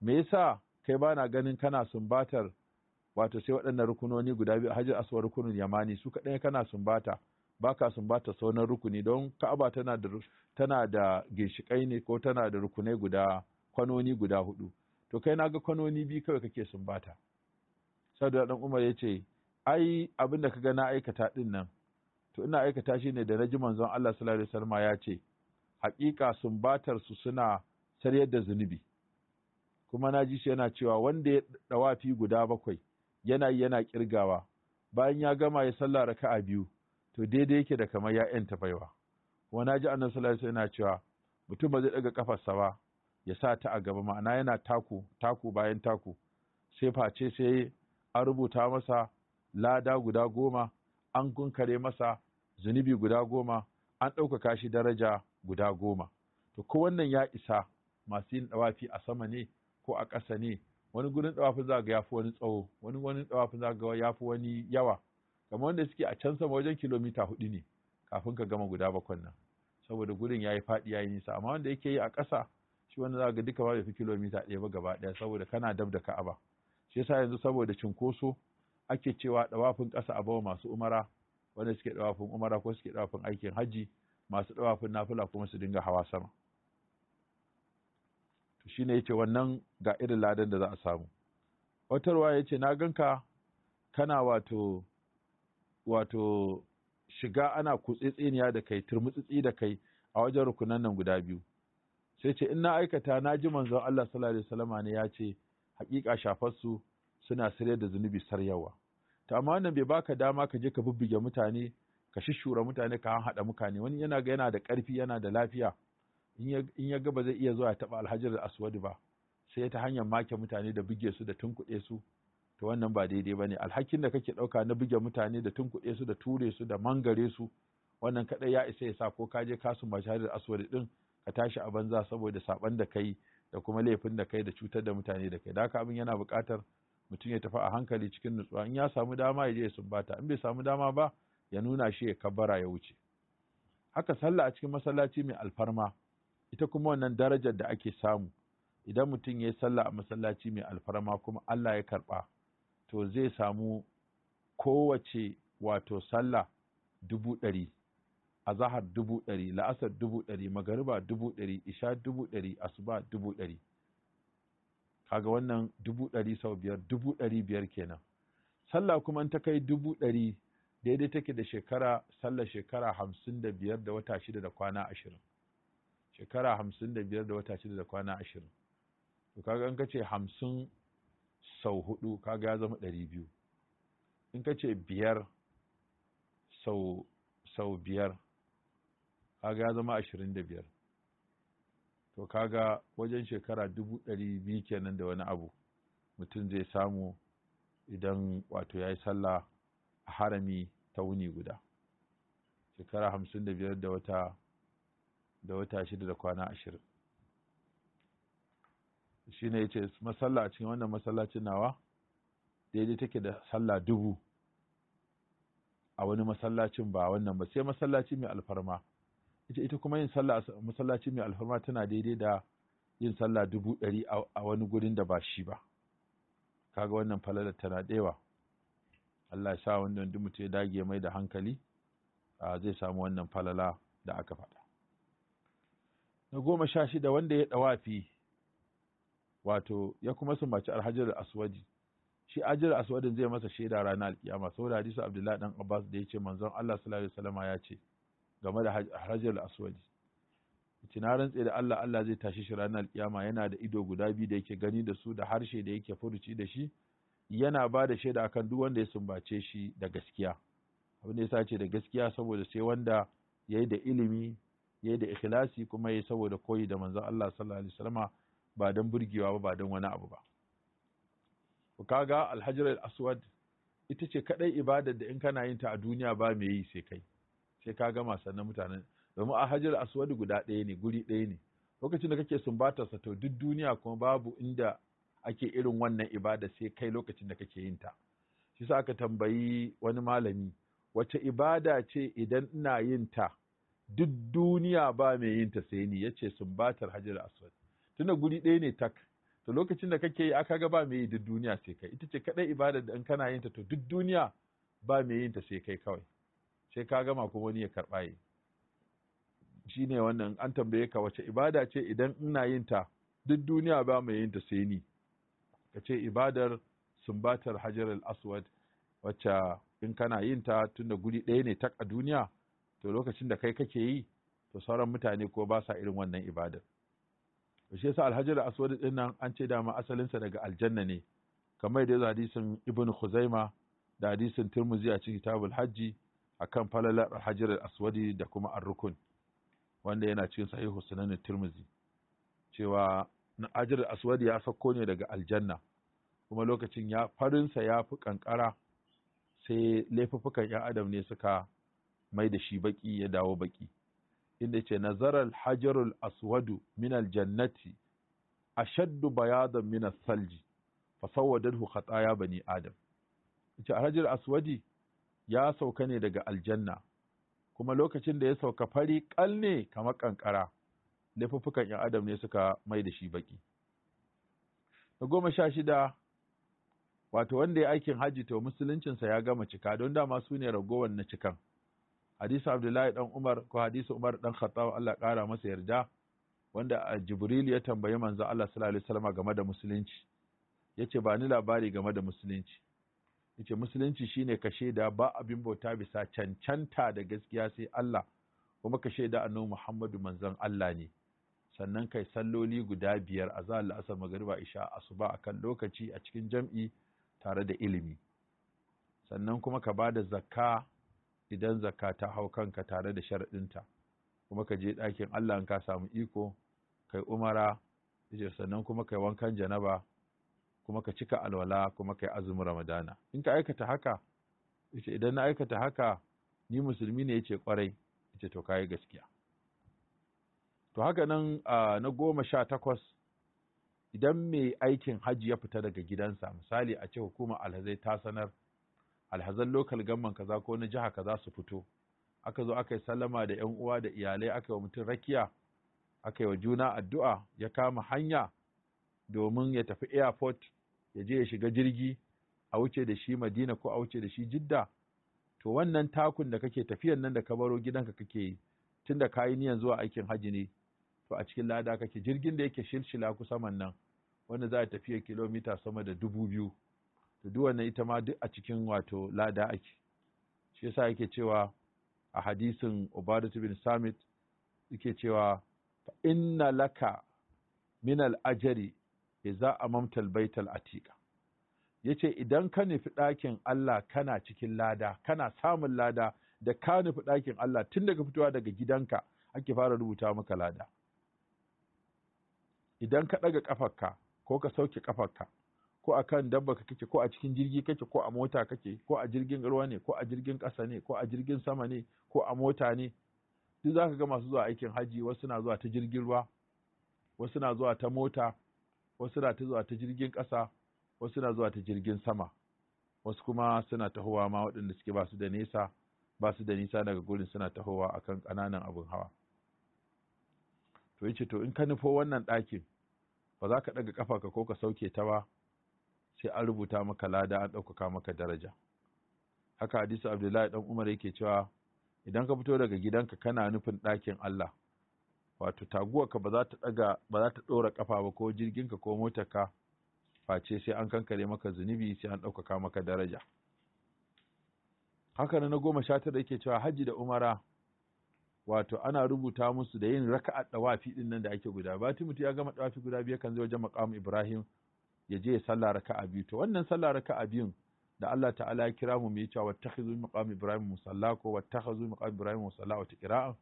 me yasa kai ba na ganin kana sumbatar wato sai waɗannan rukunoni guda biyu hajjar aswar rukunin yamani su kaɗai kana sumbata Ba ka sumbata sauran rukuni don ka'aba tana da tana da ginshiƙai ne ko tana da rukunai guda kwanoni guda hudu to kai na ga kwanoni biyu kawai kake sumbata saboda ɗan umar ya ce ai abin da kaga na aikata din nan to ina aikata shi ne da na ji manzon Allah sallallahu alaihi wasallam ya ce haƙiƙa batar su suna saryar da zunubi kuma na ji shi yana cewa wanda ya dawafi guda bakwai yana yana kirgawa bayan ya gama ya sallah raka'a biyu to daidai yake da kamar ya yanta baiwa kuma na ji annabi sallallahu alaihi wasallam yana cewa mutum ba zai daga kafarsa ba ya sa ta a gaba ma'ana yana taku taku bayan taku sai face sai an rubuta masa lada guda goma an kunkare masa zunubi guda goma an ɗaukaka shi daraja guda goma to ko wannan ya isa masu yin ɗawafi a sama ne ko a ƙasa ne wani gurin ɗawafin za ga yafi wani tsawo wani wani ɗawafin za ga yafi wani yawa kamar wanda suke a can sama wajen kilomita hudu ne kafin ka gama guda bakwai nan saboda gurin yi faɗi ya yi nisa amma wanda yake yi a ƙasa shi wanda za ga duka ba fi kilomita ɗaya ba gaba ɗaya saboda kana dab da ka'aba shi yasa yanzu saboda cinkoso ake cewa ɗawafin ƙasa a bawa masu umara wanda suke dawafin umara ko suke dawafin aikin haji masu dawafin nafila kuma su dinga hawa sama to shine yace wannan ga irin ladan da za a samu Watarwa ya ce na ganka kana wato wato shiga ana kutsitsiniya da kai turmutsitsi da kai a wajen rukunan nan guda biyu sai ce in na aikata na ji manzon Allah sallallahu alaihi wasallama ne ya ce haƙiƙa shafar su suna sayar da zunubi saryawa to amma wannan bai baka dama ka je ka bubbuge mutane ka shishura mutane ka haɗa mutane wani yana ga yana da ƙarfi yana da lafiya in ya ga ba zai iya zuwa ya taɓa alhajar da aswad ba sai ta hanyar make mutane da buge su da tunkuɗe su to wannan ba daidai ba ne alhakin da kake ɗauka na buge mutane da tunkuɗe su da ture su da mangare su wannan kaɗai ya isa ya sa ko ka je kasu da aswad ɗin ka tashi a banza saboda saɓan da kai da kuma laifin da kai da cutar da mutane da kai da haka abin yana buƙatar mutum ya tafi a hankali cikin nutsuwa in ya samu dama ya je ya sumbata in bai samu dama ba ya nuna shi ya kabbara ya wuce haka sallah a cikin masallaci mai alfarma ita kuma wannan darajar da ake samu idan mutum ya yi sallah a masallaci mai alfarma kuma Allah ya karba to zai samu kowace wato sallah dubu ɗari a dubu ɗari la'asar dubu ɗari magariba dubu ɗari isha dubu ɗari asuba dubu ɗari kaga wannan dubu ɗari sau biyar dubu ɗari biyar kenan sallah kuma ta kai dubu ɗari daidai take da shekara sallah shekara hamsin da biyar da wata shida da kwana ashirin shekara hamsin da biyar da wata shida da kwana ashirin to kaga in ka ce hamsin sau hudu kaga ya zama ɗari biyu in ka ce biyar sau sau biyar kaga ya zama ashirin da biyar to kaga wajen shekara dubu ɗari biyu kenan da wani abu mutum zai samu idan wato ya yi sallah a harami ta wuni guda shekara hamsin da biyar da wata da wata shida da kwana ashirin shi ne ya ce masalla a cikin wannan masallacin nawa daidai take da sallah dubu a wani masallacin ba wannan ba sai masallaci mai alfarma ita ita kuma yin sallah a masallaci mai alfarma tana daidai da yin sallah dubu ɗari a wani gurin da ba shi ba kaga wannan falalar tana ɗewa Allah ya sa wanda wanda mutum ya dage mai da hankali zai samu wannan falala da aka faɗa na goma sha shida wanda ya ɗawafi wato ya kuma sumbaci alhajar aswadi shi ajiyar aswadin zai masa shaida ranar alkiyama saboda hadisu abdullahi dan abbas da ya ce manzon allah sallallahu alaihi wasallama ya ce game da harajar aswadi ita na rantse da Allah Allah zai tashi shi ranar kiyama yana da ido guda biyu da yake gani da su da harshe da yake furuci da shi yana ba da shaida akan duk wanda ya sumbace shi da gaskiya abin da yasa ce da gaskiya saboda sai wanda yayi da ilimi yayi da ikhlasi kuma yayi saboda koyi da manzon Allah sallallahu alaihi wasallama ba dan burgewa ba ba dan wani abu ba kaga alhajar aswad ita ce kadai ibadar da in kana yin ta a duniya ba mai yi sai kai sai ka gama sannan mutanen domin a hajar aswadu guda ɗaya ne guri ɗaya ne lokacin da kake sa to duk duniya kuma babu inda ake irin wannan ibada sai kai lokacin da kake yin ta shi sa aka tambayi wani malami wace ibada ce idan ina yin ta duk duniya ba mai yin ta sai ni yace sumbatar hajar aswad tunda guri ɗaya ne tak to lokacin da kake yi aka ga ba mai yi duk duniya sai kai ita ce kadai ibada da in kana yin ta to duk duniya ba mai yin ta sai kai kawai sai ka gama kuma wani ya karɓa yi shi ne wannan an tambaye ka wace ibada ce idan ina yin ta duk duniya ba mai yin ta sai ni ka ce ibadar sumbatar hajar al-aswad wacce in kana yin ta tunda guri ɗaya ne tak duniya to lokacin da kai kake yi to sauran mutane ko ba sa irin wannan ibadar to shi yasa alhajar aswad din nan an ce dama asalinsa daga aljanna ne kamar da hadisin ibn khuzaima da hadisin tirmidhi a cikin kitabul hajji akan falalar hajar aswadi da kuma ar-rukun wanda yana cikin sahih husnani turmuzi. cewa hajar aswadi ya sauko ne daga aljanna kuma lokacin ya farinsa ya fi kankara sai laifuffukan ya adam ne suka mai da shi baki ya dawo baki inda ce nazarar hajarul aswadu min aljannati ashaddu bayadan min salji fasawwadalhu khataya bani adam ce a hajar aswadi ya sauka ne daga aljanna kuma lokacin da ya sauka fari kal ne kamar kankara laifuffukan ‘yan adam ne suka mai da shi baki. Na goma sha shida, wato wanda ya aikin hajji to musuluncinsa ya gama cika don dama su ne ragowar na cikan. Hadisu Abdullahi ɗan Umar ko hadisu Umar ɗan Khattab Allah ƙara masa yarda wanda a Jibril ya tambayi manzo Allah sallallahu alaihi game da musulunci. Yace ba ni labari game da musulunci. ce musulunci shine ka shaida ba abin bauta bisa cancanta da gaskiya sai Allah kuma ka shaida annabi Muhammadu manzon Allah ne sannan kai salloli guda biyar a zalla asar magariba isha asuba akan lokaci a cikin jam'i tare da ilimi sannan kuma ka bada zakka idan zakka ta hau kanka tare da sharaɗinta kuma ka je ɗakin Allah in ka samu iko kai umara sannan kuma kai wankan janaba kuma ka cika alwala kuma ka yi azumin ramadana in ka aikata haka yace idan na aikata haka ni musulmi ne yace kwarai yace to kai gaskiya to haka nan na goma sha takwas idan mai aikin hajji ya fita daga gidansa misali a ce hukuma alhazai ta sanar alhazan lokal gamman kaza ko na jiha kaza su fito aka zo aka yi sallama da yan uwa da iyalai aka yi wa mutum rakiya aka yi wa juna addu'a ya kama hanya domin ya tafi airport ya je ya shiga jirgi a wuce da shi madina ko a wuce da shi jidda to wannan takun da kake tafiyan nan da ka baro gidanka kake yi tunda ka yi niyan zuwa aikin hajji ne to a cikin lada kake jirgin da yake shilshila kusa man nan wanda za a tafiya kilomita sama da dubu biyu to duk wannan ita ma duk a cikin wato lada ake shi yasa yake cewa a hadisin Ubadatu bin Samit yake cewa inna laka min al-ajri Za a mamtal baital atiqa yace idan ka nufi ɗakin Allah kana cikin lada kana samun lada da ka nufi ɗakin Allah tun daga fitowa daga gidanka ake fara rubuta maka lada idan ka ɗaga ƙafarka ko ka sauke ƙafarka ko a kan dabba ka kake ko a cikin jirgi kake ko a mota kake ko a jirgin ruwa ne ko a jirgin ƙasa ne ko a jirgin sama ne ko a mota ne duk za ka ga masu zuwa aikin hajji wasu na zuwa ta jirgin ruwa wasu na zuwa ta mota wasu na ta zuwa ta jirgin ƙasa wasu na zuwa ta jirgin sama wasu kuma suna tahowa ma waɗanda suke basu da nesa basu da nisa daga gurin suna tahowa akan ƙananan abin hawa to yace to in ka nufo wannan ɗakin ba za ka ɗaga ƙafa ka ko ka sauke ta ba sai an rubuta maka lada an ɗaukaka maka daraja haka hadisu abdullahi ɗan umar yake cewa idan ka fito daga gidanka kana nufin ɗakin allah wato taguwarka ba za ta daga ba za ta dora kafa ba ko jirginka ko motarka face sai an kankare maka zunubi sai an ɗaukaka maka daraja haka na goma sha tara yake cewa Haji da umara wato ana rubuta musu da yin raka'a dawafi din nan da ake guda ba mutu ya gama dawafi guda biyu kan zai wajen maqam ibrahim ya je ya sallah raka'a biyu to wannan sallah raka'a biyun da Allah ta'ala ya kira mu mu yi cewa wattakhizu maqam ibrahim musalla ko wattakhizu maqam ibrahim musalla wata tiqra'a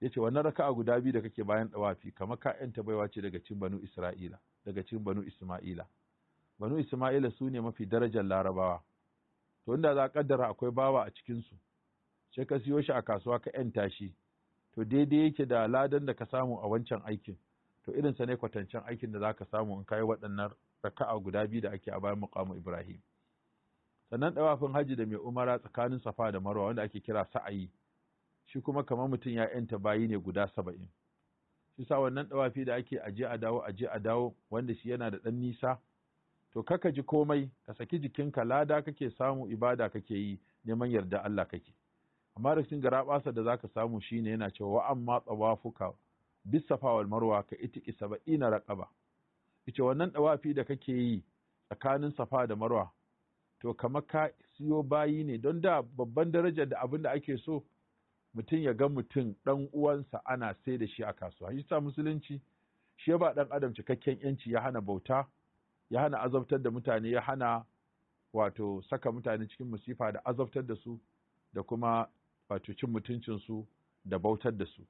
ya ce wannan raka'a guda biyu da kake bayan dawafi kamar ka yanta baiwa ce daga cikin banu isra'ila daga cikin banu isma'ila banu isma'ila su ne mafi darajar larabawa to inda za a kaddara akwai bawa a cikinsu sai ka siyo shi a kasuwa ka yanta tashi, to daidai yake da ladan da ka samu a wancan aikin to irinsa ne kwatancen aikin da za ka samu in ka waɗannan raka'a guda biyu da ake a bayan muqamu ibrahim sannan dawafin haji da mai umara tsakanin safa da marwa wanda ake kira sa'ayi shi kuma kamar mutum ya yanta bayi ne guda saba'in shi sa wannan ɗawafi da ake aje a dawo aje a dawo wanda shi yana da ɗan nisa to kaka ji komai ka saki jikinka lada kake samu ibada kake yi neman yarda Allah kake amma da cikin garaɓasa da zaka samu shine yana cewa wa amma tsawafuka bisafawal wal marwa ka itiki saba'ina raqaba ita wannan ɗawafi da kake yi tsakanin safa da marwa to kamar ka siyo bayi ne don da babban daraja da abin da ake so mutum ya ga mutum ɗan uwansa ana sai da shi a kasuwa shi sa musulunci shi ya ba ɗan adam cikakken yanci ya hana bauta ya hana azabtar da mutane ya hana wato saka mutane cikin musifa da azabtar da su da kuma wato cin mutuncinsu da bautar da su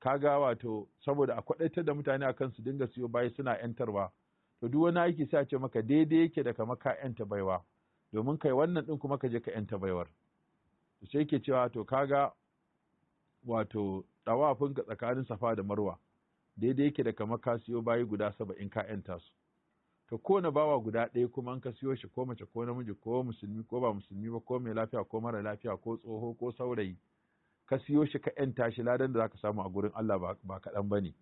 kaga wato saboda a kwaɗaitar da mutane akan su dinga siyo bayi suna yantarwa to duk wani aiki sai a ce maka daidai yake da kama ka yanta baiwa domin kai wannan ɗin kuma ka je ka yanta baiwar sai yake cewa to kaga wato ɗawafinka tsakanin safa da marwa daidai yake da kamar ka siyo bayi guda saba'in ka ‘yanta su ka kona bawa guda ɗaya kuma an ka siyo shi ko mace ko namiji ko musulmi ko ba musulmi ba ko mai lafiya ko mara lafiya ko tsoho ko saurayi ka siyo shi ka ƴan shi ladan da za ka samu a gurin Allah ba kaɗan ba ne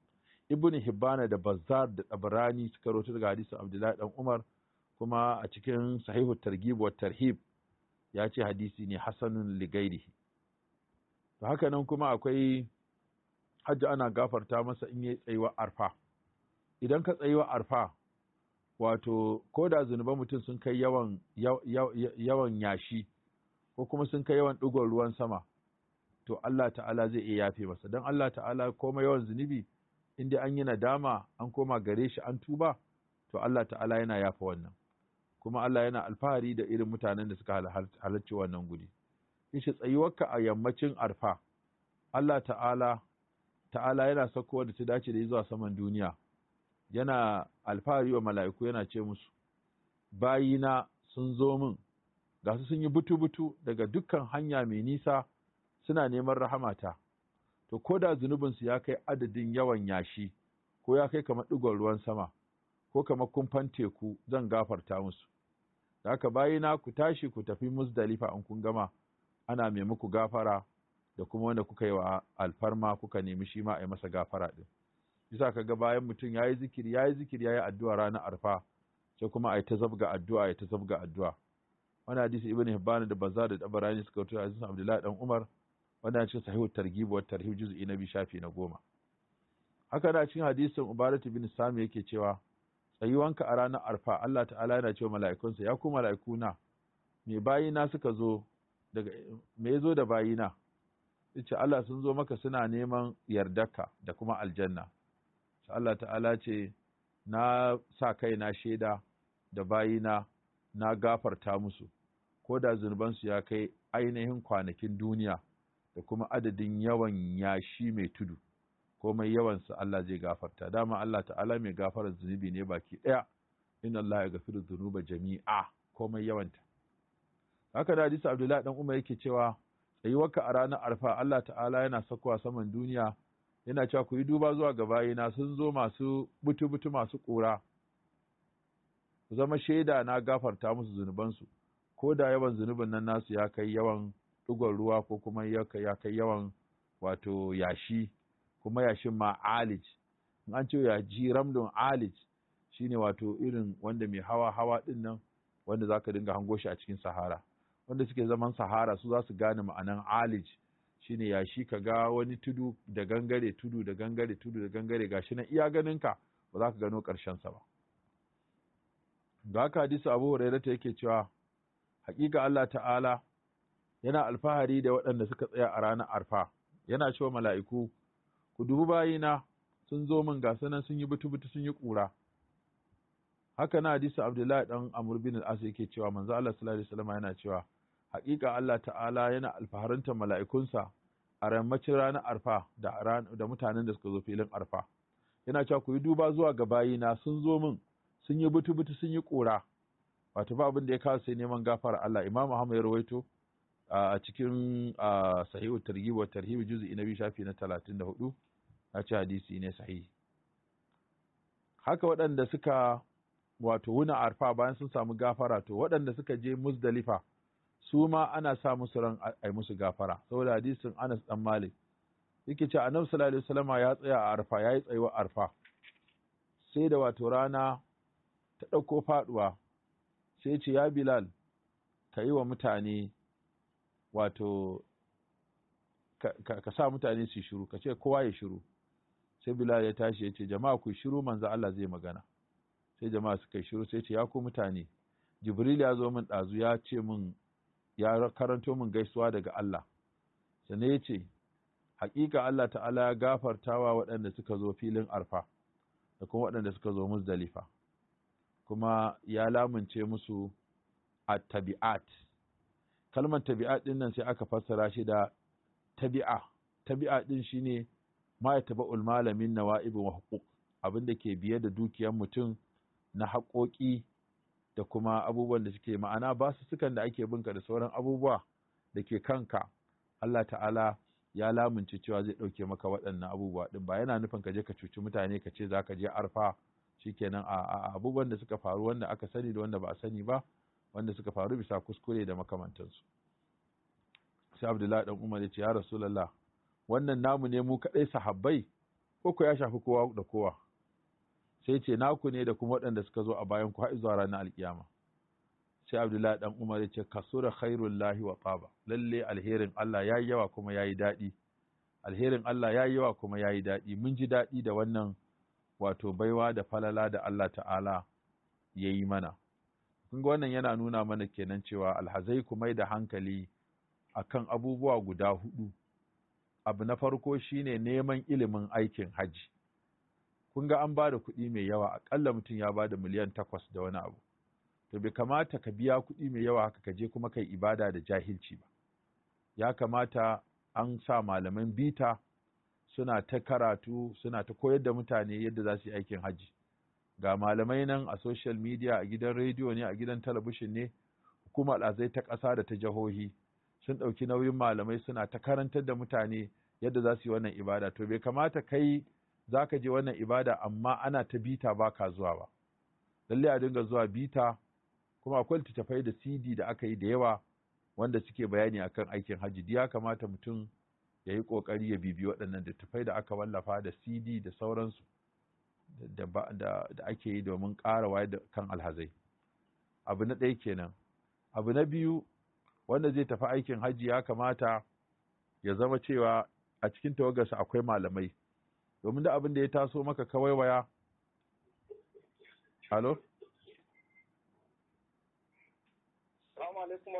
ibnu hibbana da bazzar da tabarani suka rawaito daga hadisin abdullahi dan umar kuma a cikin sahihu targhib wa tarhib ya ce hadisi ne hasanun ligairihi to haka nan kuma akwai hajji ana gafarta masa in yi tsayuwa arfa idan ka tsayuwa arfa wato ko da zunuban mutum sun kai yawan yawan yashi ko kuma sun kai yawan digon ruwan sama to Allah ta'ala zai iya yafe masa don Allah ta'ala koma yawan zunubi inda an yi nadama an koma gare shi an tuba to Allah ta'ala yana yafa wannan kuma Allah yana alfahari da irin mutanen da suka halarci wannan guri yace tsayuwarka a yammacin arfa Allah ta'ala ta'ala yana sako da ta dace da zuwa saman duniya yana alfahari wa mala'iku yana ce musu bayina sun zo min ga su sun yi butu-butu daga dukkan hanya mai nisa suna neman rahamata to ko da zunubinsu ya kai adadin yawan yashi ko ya kai kamar ɗigon ruwan sama ko kamar kumfan teku zan gafarta musu da haka bayina ku tashi ku tafi musdalifa in kun gama ana mai muku gafara da kuma wanda kuka yi wa alfarma kuka nemi shi ma a yi masa gafara din bisa ka ga bayan mutum ya yi zikiri ya yi zikiri ya yi addu'a ranar arfa sai kuma a yi ta zabga addu'a ya ta zabga addu'a wani hadisi ibn hibban da banza da tabarani suka a hadisin abdullahi dan umar wanda ya ce sahihu targhib wa tarhib juz'i na bi shafi na goma haka na cikin hadisin ubaratu bin sami yake cewa tsayuwanka a ranar arfa Allah ta'ala yana cewa mala'ikunsa ya ku mala'ikuna me bayina suka zo daga me zo da bayina yace Allah sun zo maka suna neman yardaka da kuma aljanna sai Allah ta'ala ce na sa kai na shaida da bayina na gafarta musu ko da zunubansu ya kai ainihin kwanakin duniya da kuma adadin yawan yashi mai tudu komai yawansa Allah zai gafarta dama Allah ta'ala mai gafarar zunubi ne baki ɗaya inna Allah ya gafiru zunuba jami'a komai yawanta haka da hadisi abdullahi dan umar yake cewa tsayuwarka a ranar arfa Allah ta'ala yana sakowa saman duniya yana cewa ku yi duba zuwa ga bayina sun zo masu butubutu masu ƙura ku zama shaida na gafarta musu zunubansu ko da yawan zunubin nan nasu ya kai yawan ɗigon ruwa ko kuma ya kai yawan wato yashi kuma yashin ma alij in an ce yaji ramdun alij shine wato irin wanda mai hawa hawa ɗin nan wanda zaka dinga hango shi a cikin sahara wanda suke zaman sahara su za su gane ma'anan alij shine yashi ka ga wani tudu da gangare tudu da gangare tudu da gangare gashi na iya ganin ka ba za ka gano ƙarshen sa ba ga haka hadisi abu huraira ta yake cewa haƙiƙa Allah ta'ala yana alfahari da waɗanda suka tsaya a ranar arfa yana cewa mala'iku ku dubi bayina sun zo min ga sanan sun yi butu-butu sun yi ƙura haka na hadisi abdullahi dan amr bin al-as yake cewa manzo Allah sallallahu alaihi wasallam yana cewa haƙiƙa Allah ta'ala yana alfaharanta mala'ikunsa a rammacin ranar arfa da, mutanen da suka zo filin arfa yana cewa ku yi duba zuwa ga bayina sun zo min sun yi butu sun yi ƙura wato ba abin da ya kawo sai neman gafara Allah Imam Muhammad ya rawaito a cikin sahihu targhib wa tarhib juz'i na biyu shafi na 34 ya ce hadisi ne sahihi haka waɗanda suka wato wuna arfa bayan sun samu gafara to waɗanda suka je muzdalifa su ma ana sa musu ran ai musu gafara saboda hadisin Anas dan Malik yake cewa Annabi sallallahu alaihi wasallam ya tsaya a Arfa yayi tsayuwa Arfa sai da wato rana ta dauko faduwa sai ce ya Bilal ka yi wa mutane wato ka sa mutane su shiru ka ce kowa ya shiru sai Bilal ya tashi ya ce jama'a ku shiru manzo Allah zai magana sai jama'a suka shiru sai ce ya ku mutane Jibril ya zo min ɗazu ya ce min ya karanto min gaisuwa daga Allah Sane ya ce haƙiƙa Allah ta'ala ya gafartawa waɗanda suka zo filin arfa da kuma waɗanda suka zo muzdalifa kuma ya lamunce musu at-tabi'at kalmar tabi'at ɗin nan sai aka fassara shi da tabi'a tabi'a ɗin shine ma ya taba'ul malamin nawa'ib wa abin da ke biye da dukiyar mutum na haƙoƙi da kuma abubuwan da suke ma'ana ba su sukan da ake binka da sauran abubuwa da ke kanka Allah ta'ala ya lamunci cewa zai ɗauke maka waɗannan abubuwa ɗin ba yana nufin ka je ka cuci mutane ka ce za ka je arfa shikenan a abubuwan da suka faru wanda aka sani da wanda ba a sani ba wanda suka faru bisa kuskure da makamantansu sai abdullahi dan umar ya ce ya rasulullah wannan namu ne mu kaɗai sahabbai ko ya shafi kowa da kowa sai ce naku ne da kuma waɗanda suka zo a bayan ku har zuwa ranar alkiyama sai abdullahi dan umar ya ce kasura khairul lahi wa taba lalle alherin Allah yayi yawa kuma yayi daɗi alherin Allah yayi yawa kuma yayi daɗi mun ji daɗi da wannan wato baiwa da falala da Allah ta'ala yayi mana kun ga wannan yana nuna mana kenan cewa alhazai ku mai da hankali akan abubuwa guda hudu abu na farko shine neman ilimin aikin haji kun ga an ba da kuɗi mai yawa akalla mutum ya ba da miliyan takwas da wani abu to bai kamata ka biya kuɗi mai yawa haka ka je kuma kai ibada da jahilci ba ya kamata an sa malaman bita suna ta karatu suna ta koyar da mutane yadda za su yi aikin hajji ga malamai nan a social media a gidan rediyo ne a gidan talabishin ne hukumar ɗazai ta ƙasa da ta jihohi sun ɗauki nauyin malamai suna ta karantar da mutane yadda za su yi wannan ibada to bai kamata kai za ka je wannan ibada amma ana ta bita ba ka zuwa ba lallai a dinga zuwa bita kuma akwai littattafai da cd da aka yi da yawa wanda suke bayani akan aikin hajji ya kamata mutum ya yi ƙoƙari ya bibi waɗannan littattafai da aka wallafa da cd da sauransu da ake yi domin ƙara wayar da kan alhazai abu na ɗaya kenan abu na biyu wanda zai tafi aikin hajji ya kamata ya zama cewa a cikin tawagarsa akwai malamai domin da abin da ya taso maka kawai waya. Halo? salamu alaikum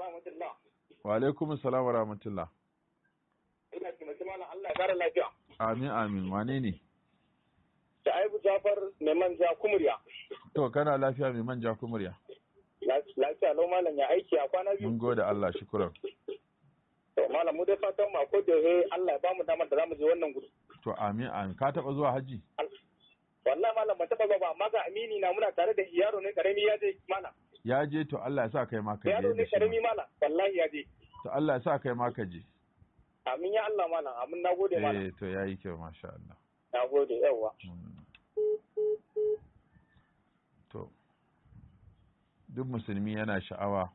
wa alaikum salam rahmatullah. ina mace malam Allah ya bara lafiya amin amin wane ne aibu Jafar mai manja kumurya. To kana lafiya mai manja kumurya. Lafiya lau malam ya aiki a kwana biyu. Mun gode Allah shukuran. To malam mu dai fatan mako da kodaye Allah ya bamu damar da zamu je wannan gudu. To amin an ka taɓa zuwa hajji? Wallah malam ban taba zuwa ba amma ga amini na muna tare da yaro ne karami ya je malam. Ya je to Allah ya sa kai ma ka je. Yaro ne karami malam wallahi ya je. To Allah ya sa kai ma ka je. Amin ya Allah malam amin na gode malam. Eh to yayi kyau masha Allah. Na gode yawa. Hmm. To duk musulmi yana sha'awa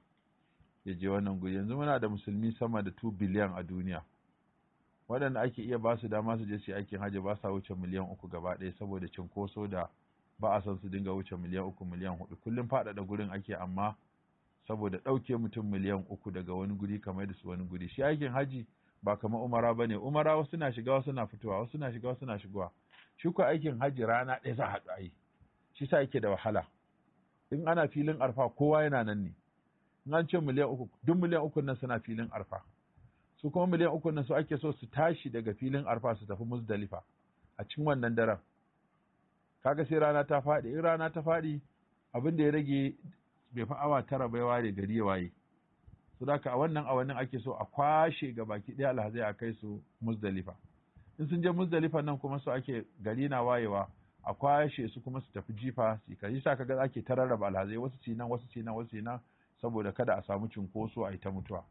ya je wannan guri yanzu muna da musulmi sama da 2 biliyan a duniya. waɗanda ake iya ba su dama su je su aikin hajji ba sa wuce miliyan uku gaba ɗaya saboda cinkoso da ba a san su dinga wuce miliyan uku miliyan hudu kullum faɗaɗa gurin ake amma saboda ɗauke mutum miliyan uku daga wani guri kamar da su wani guri shi aikin hajji ba kamar umara ba ne umara wasu na shiga wasu na fitowa wasu na shiga wasu na shigowa shi ko aikin hajji rana ɗaya za a haɗu ayi shi sa yake da wahala in ana filin arfa kowa yana nan ne in an ce miliyan uku duk miliyan uku nan suna filin arfa su kuma miliyan uku nan su ake so su tashi daga filin arfa su tafi muzdalifa a cikin wannan daren kaga sai rana ta faɗi in rana ta faɗi abin da ya rage bai fi awa tara bai ware gari ya waye su da a wannan awannin ake so a kwashe ga baki ɗaya alhazai a kai su musdalifa in sun je musdalifa nan kuma su ake gari na wayewa a kwashe su kuma su tafi jifa su kaji sa kaga ake ta rarraba alhazai wasu ci wasu ci wasu ci saboda kada a samu cunkoso a ita mutuwa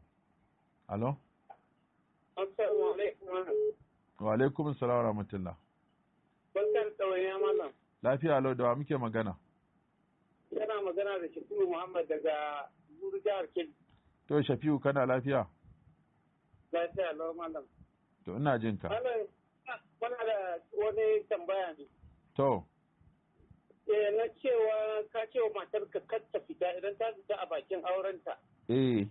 alo Assalamu alaikum wa alaikum assalam wa rahmatullah. Barkan tsawaya malam. Lafiya lau da wa muke magana? Yana magana da Shafi'u Muhammad daga Zuru jihar Kebbi. To Shafi'u kana lafiya? Lafiya lau malam. To ina jin ka. Malam, muna da wani tambaya ne. To. Eh na cewa ka ce wa matarka kar ta fita idan ta fita a bakin aurenta. Eh.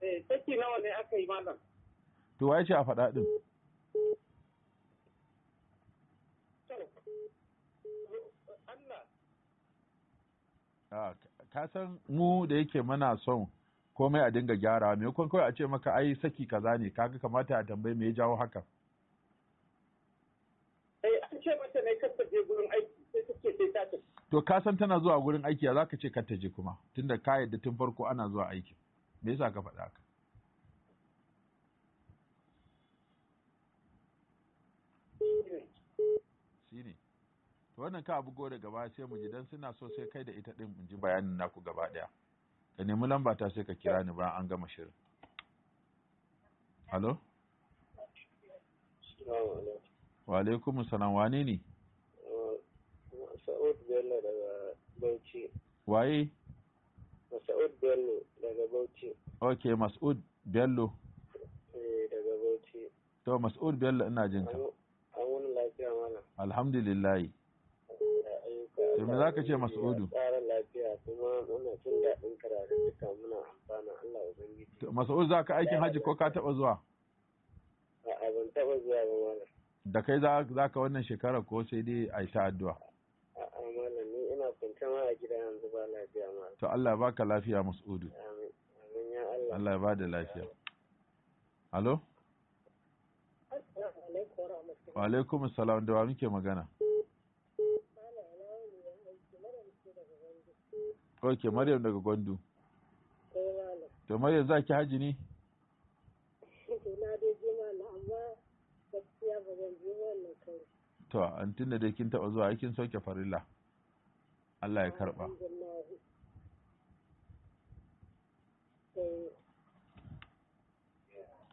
Eh saki nawa ne aka yi malam? to waye ce a faɗa ɗin ah, ka san mu da yake mana son komai a dinga gyara me kun kawai a ce maka ai saki kaza ne kaga kamata a tambaye me ya jawo haka eh, to ka san tana zuwa gurin aiki ya ka ce kar ta ji kuma tunda ka yadda tun farko ana zuwa aiki me yasa ka faɗa haka wannan ka abu gore gaba sai mu ji dan suna so sai kai da ita din in ji bayanin naku gaba daya ka nemi lamba ta sai ka kira ni bayan an gama shirin halo wa alaikum salam wane ne uh, Sa'ud Bello daga Bauchi. Waye? Mas'ud Bello daga Bauchi. Ok, Mas'ud Bello. Eh, daga Bauchi. To, Mas'ud Bello ina jinka. Alhamdulillahi. Alhamdulillah. to me zaka ce Mas'udu ƙara lafiya kuma muna jin daɗin karatun duka amfana Allah ubangiji to aikin hajji ko ka taɓa zuwa a'a ban taɓa zuwa ba malam da kai za ka wannan shekarar ko sai dai a yi ta addu'a a'a malam ni ina kwanta ma a gida yanzu ba lafiya ma. to Allah baka lafiya Mas'udu amin amin ya Allah Allah bada lafiya Alo? Wa alaikum salam da wa muke magana? ok maryam daga gwandu eh, to maryam za ki haji ne na dai je to an tunda dai kin taba zuwa kin soke farilla Allah ya karba eh.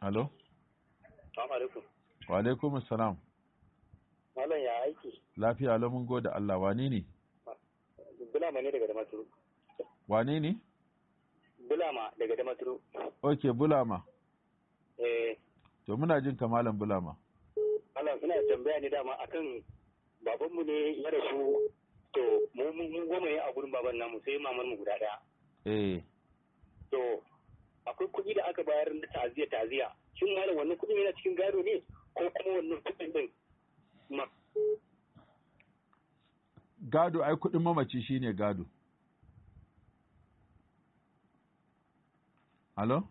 Alo? Wa alaikum. Wa alaikum assalam. Malam ya aiki. Lafiya lamun gode Allah wani ne? Bula mane daga Damaturu. wane ne bulama daga damaturu ok bulama eh to muna jin ka malam bulama Allah suna tambaya ne dama akan babanmu ne ya rasu to mu mu goma ya a gurin baban namu sai mamar mu guda daya eh to akwai kuɗi da aka bayar da ta'aziyya ta'aziyya shin malam wannan kuɗin yana cikin gado ne ko kuma wannan kuɗin din gado ai kuɗin mamaci shine gado ¿Aló?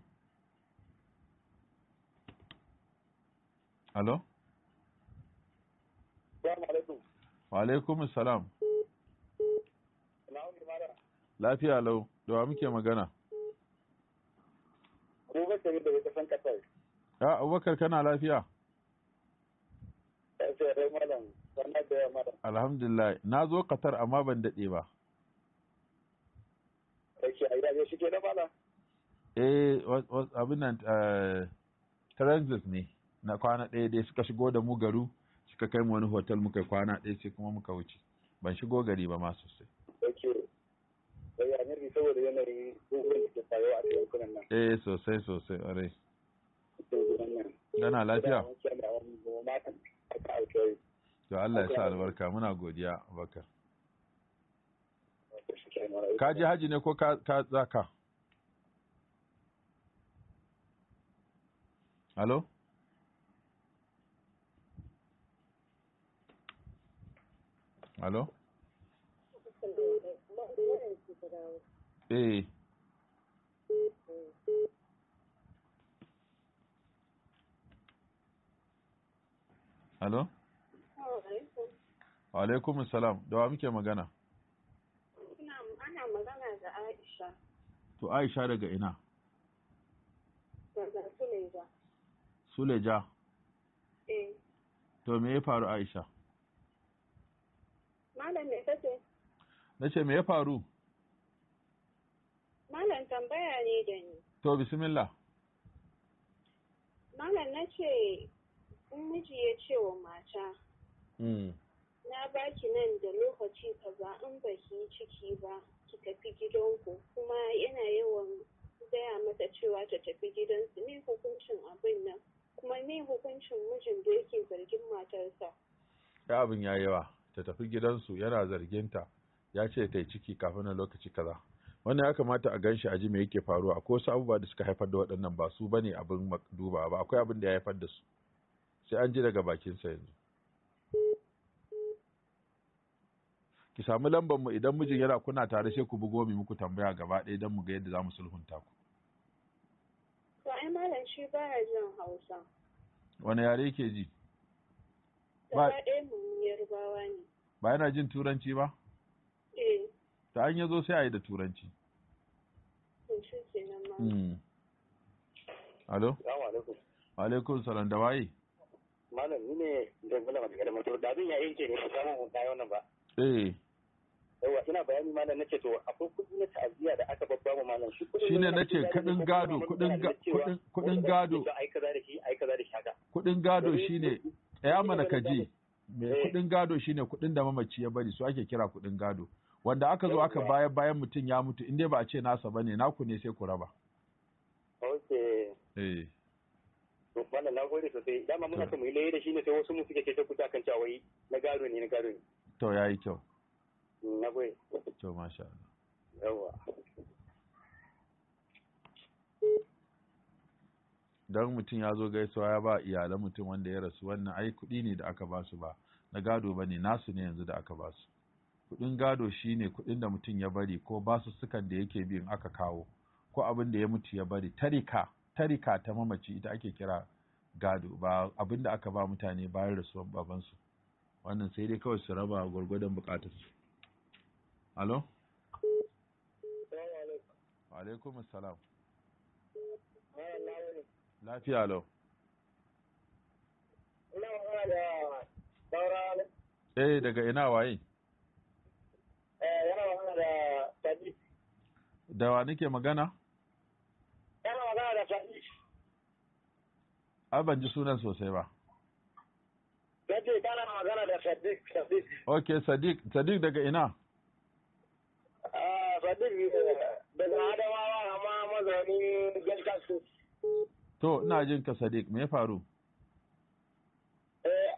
¿Aló? Wa alaikum salam. Lafiya lau, da wa muke magana? Abubakar da daga san Qatar. Ya, Abubakar kana lafiya? Alhamdulillah, na zo Qatar amma ban daɗe ba. Ake a gida shi ke na malam. eh abin nan eh, transit ne na kwana ɗaya dai suka shigo da mu garu suka kai mu wani hotel muka kwana ɗaya sai kuma muka wuce ban shigo gari ba ma sosai bayanar eh, ne saboda yanayin abubuwan da ke faruwa a yankunan nan eh sosai sosai ƙwarai Tana lafiya? To Allah ya sa albarka muna godiya baka. Ka je haji ne ko ka zaka? Alo? Alo? Eh. Alo? Wa alaikum salam. Da wa muke magana? Ana magana da Aisha. To Aisha daga ina? Daga Suleja. ja. Eh. To me ya faru Aisha? Malam me kace? Na ce me ya faru? Malam tambaya ne da ni. To bismillah. Malam na ce in miji ya ce wa mata. Mm. Na baki nan da lokaci kaza in baki ciki ba ki tafi gidanku kuma yana yawan gaya mata cewa ta tafi gidansu ne hukuncin abin nan. kuma me hukuncin mijin da yake zargin matarsa ya abin ya yawa ta tafi gidansu yana zarginta ya ce ta yi ciki kafin na lokaci kaza wannan ya kamata a ganshi a ji me yake faruwa akwai wasu abubuwa da suka haifar da waɗannan ba su bane abin duba ba akwai abin da ya haifar da su sai an ji daga bakinsa yanzu ki samu lambar mu idan mijin yana kuna tare sai ku bugo mu muku tambaya gaba ɗaya don mu ga yadda za mu sulhunta ku ai malam shi ya jin hausa wani yare ke ji ba ɗaya mu yarbawa ne ba yana jin turanci ba eh ta an yazo sai a da turanci hmm. Alo? Salamu alaikum. Wa alaikum salam da waye? Malam ni ne da da abin ya yanke ne ba ba. Eh. yawa ina bayani malam nace to akwai kuɗi na ta'aziyya da aka babba mu malam shi kuɗin shine nace kuɗin gado kuɗin kuɗin gado ai kaza da shi ai kaza da shi haka kuɗin gado shine ya mana kaji me eh. kuɗin gado shine kuɗin da mamaci ya bari su ake kira kuɗin gado wanda aka zo aka baya bayan mutum ya mutu inda ba a ce nasa ba ne naku ne sai ku raba okay eh wannan na gode sosai dama muna so mu yi laye da shi ne sai wasu mu suke ce ta kuta kan cewa wai na gado ne na gado ne to yayi kyau na to masha Allah yawa don mutum ya zo gaisuwa ya ba iyalan mutum wanda ya rasu wannan ai kuɗi ne da aka ba su ba na gado ba ne nasu ne yanzu da aka ba su kuɗin gado shine kuɗin da mutum ya bari ko basu sukan da yake bin aka kawo ko abin da ya mutu ya bari tarika tarika ta mamaci ita ake kira gado ba abin da aka ba mutane bayan rasuwan babansu wannan sai dai kawai su raba gwargwadon bukatarsu Alo? Wa alaikum salam. Lafiya alo. Ina da ne? Eh daga ina waye? Eh yana da Sadiq. Da wa magana? Yana da Ai ban ji sunan sosai ba. Sadiq, Sadiq. Okay, Sadiq, Sadiq daga ina? Kabir daga To, ina jin ka Sadiq, me ya faru? Eh,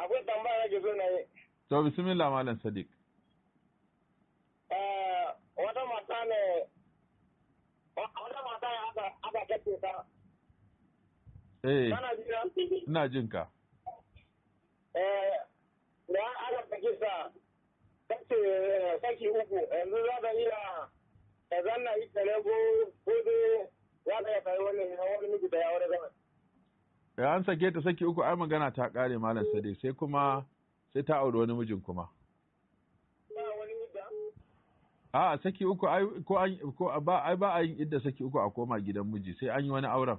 akwai tambaya ke so na yi. To, bismillah Malam Sadiq. Eh, wata mata ne, wata mata ya aka kace ta. Eh, ina jin ka. Eh, da aka kace ta, kace eh, kashi uku ya zaman. an sake ta saki uku ai magana ta kare malam sade sai kuma sai ta auri wani mijin kuma. A saki uku ai ba a yin idda saki uku a koma gidan miji sai an yi wani auren.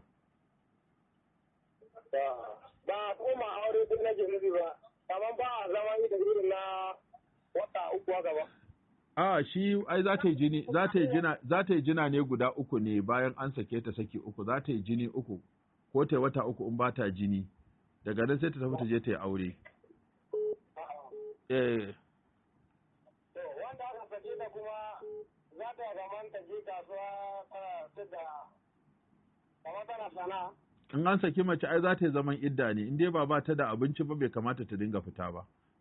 Ba koma aure duk na nufi ba, kamar ba a zama irin na wata uku haka ba. A shi ai za ta yi jini za ta yi jina za ta yi jina ne guda uku ne bayan an sake ta saki uku za ta yi jini uku ko ta yi wata uku in ba ta jini daga nan sai ta tafi ta je ta yi aure. Ah. Eh. Wanda aka sake ta kuma za ta zaman ta je kasuwa ta tida kama tana sana'a. In an saki mace ai za ta yi zaman idda ne in dai ba ba ta da abinci ba bai kamata ta dinga fita ba.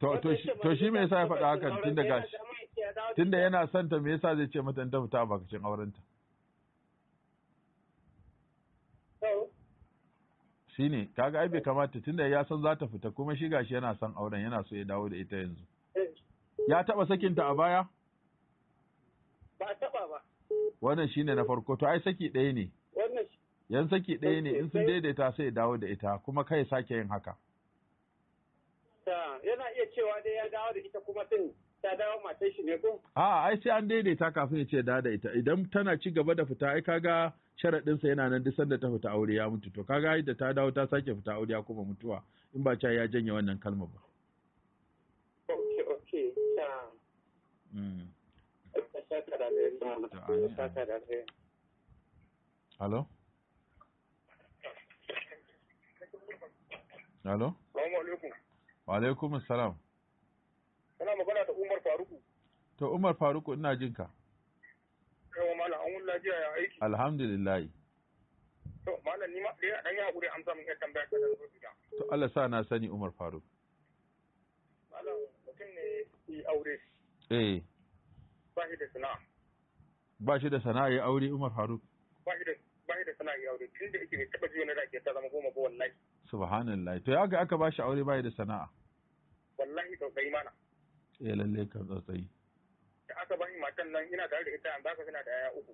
To shi me yasa ya faɗa haka tun da gashi? Tun da yana son ta me yasa zai ce mata ta fita a bakacin aurenta? Shi ne, kaga ai bai eh. kamata tun da ya san za ta fita kuma shi gashi yana son auren yana so ya dawo da ita yanzu. Eh. Ya taɓa sakinta a baya? Ba a taɓa ba. Wannan shi ne na farko, to ai saki ɗaya ne. yan saki ɗaya ne in sun daidaita sai dawo da ita kuma kai sake yin haka. yana iya cewa dai ya dawo da ita kuma din ta dawo matar shi ne ko? A ai sai an daidaita kafin ya ce da da ita idan tana ci gaba da fita ai kaga sharaɗinsa yana nan duk sanda ta fita aure ya mutu to kaga da ta dawo ta sake fita aure ya kuma mutuwa in ba ca ya janye wannan kalma ba. Okay okay. Mm. Hello? Hello? Salamu alaikum. Wa alaikum salam. Kana magana da Umar Faruku. To Umar Faruku ina jin ka. Yawa malam an wani lafiya ya aiki. Alhamdulillah. To malam ni ma ɗaya ɗan ya haƙuri amsa min yadda tambaya ta da zo To Allah sa na sani Umar Faruku. Malam mutum ne yi aure. Eh. Ba shi da sana'a. Ba shi da sana'a ya aure Umar Faruku. Ba shi da ba shi da sana'a ya aure tun da yake ne taɓa jiya na da ke ta zama goma ba wallahi. subhanallah to ya ga aka bashi aure bai da sana'a wallahi tausayi mana eh lalle ka tausayi da aka bani matan nan ina tare da ita an baka kana da yaya uku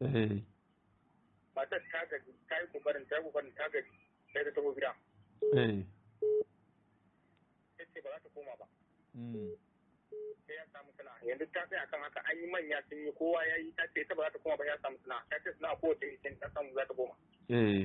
eh matar ta ga ta yi barin ta yi barin ta ga sai ta tafi gida eh sai ba za ta koma ba hmm. sai ya samu sana'a yanzu ta tsaya kan haka an yi manya sun yi kowa ya yi ta ce ta ba za ta koma ba ya samu sana'a ta ce sana'a kowace ita ta samu za ta koma eh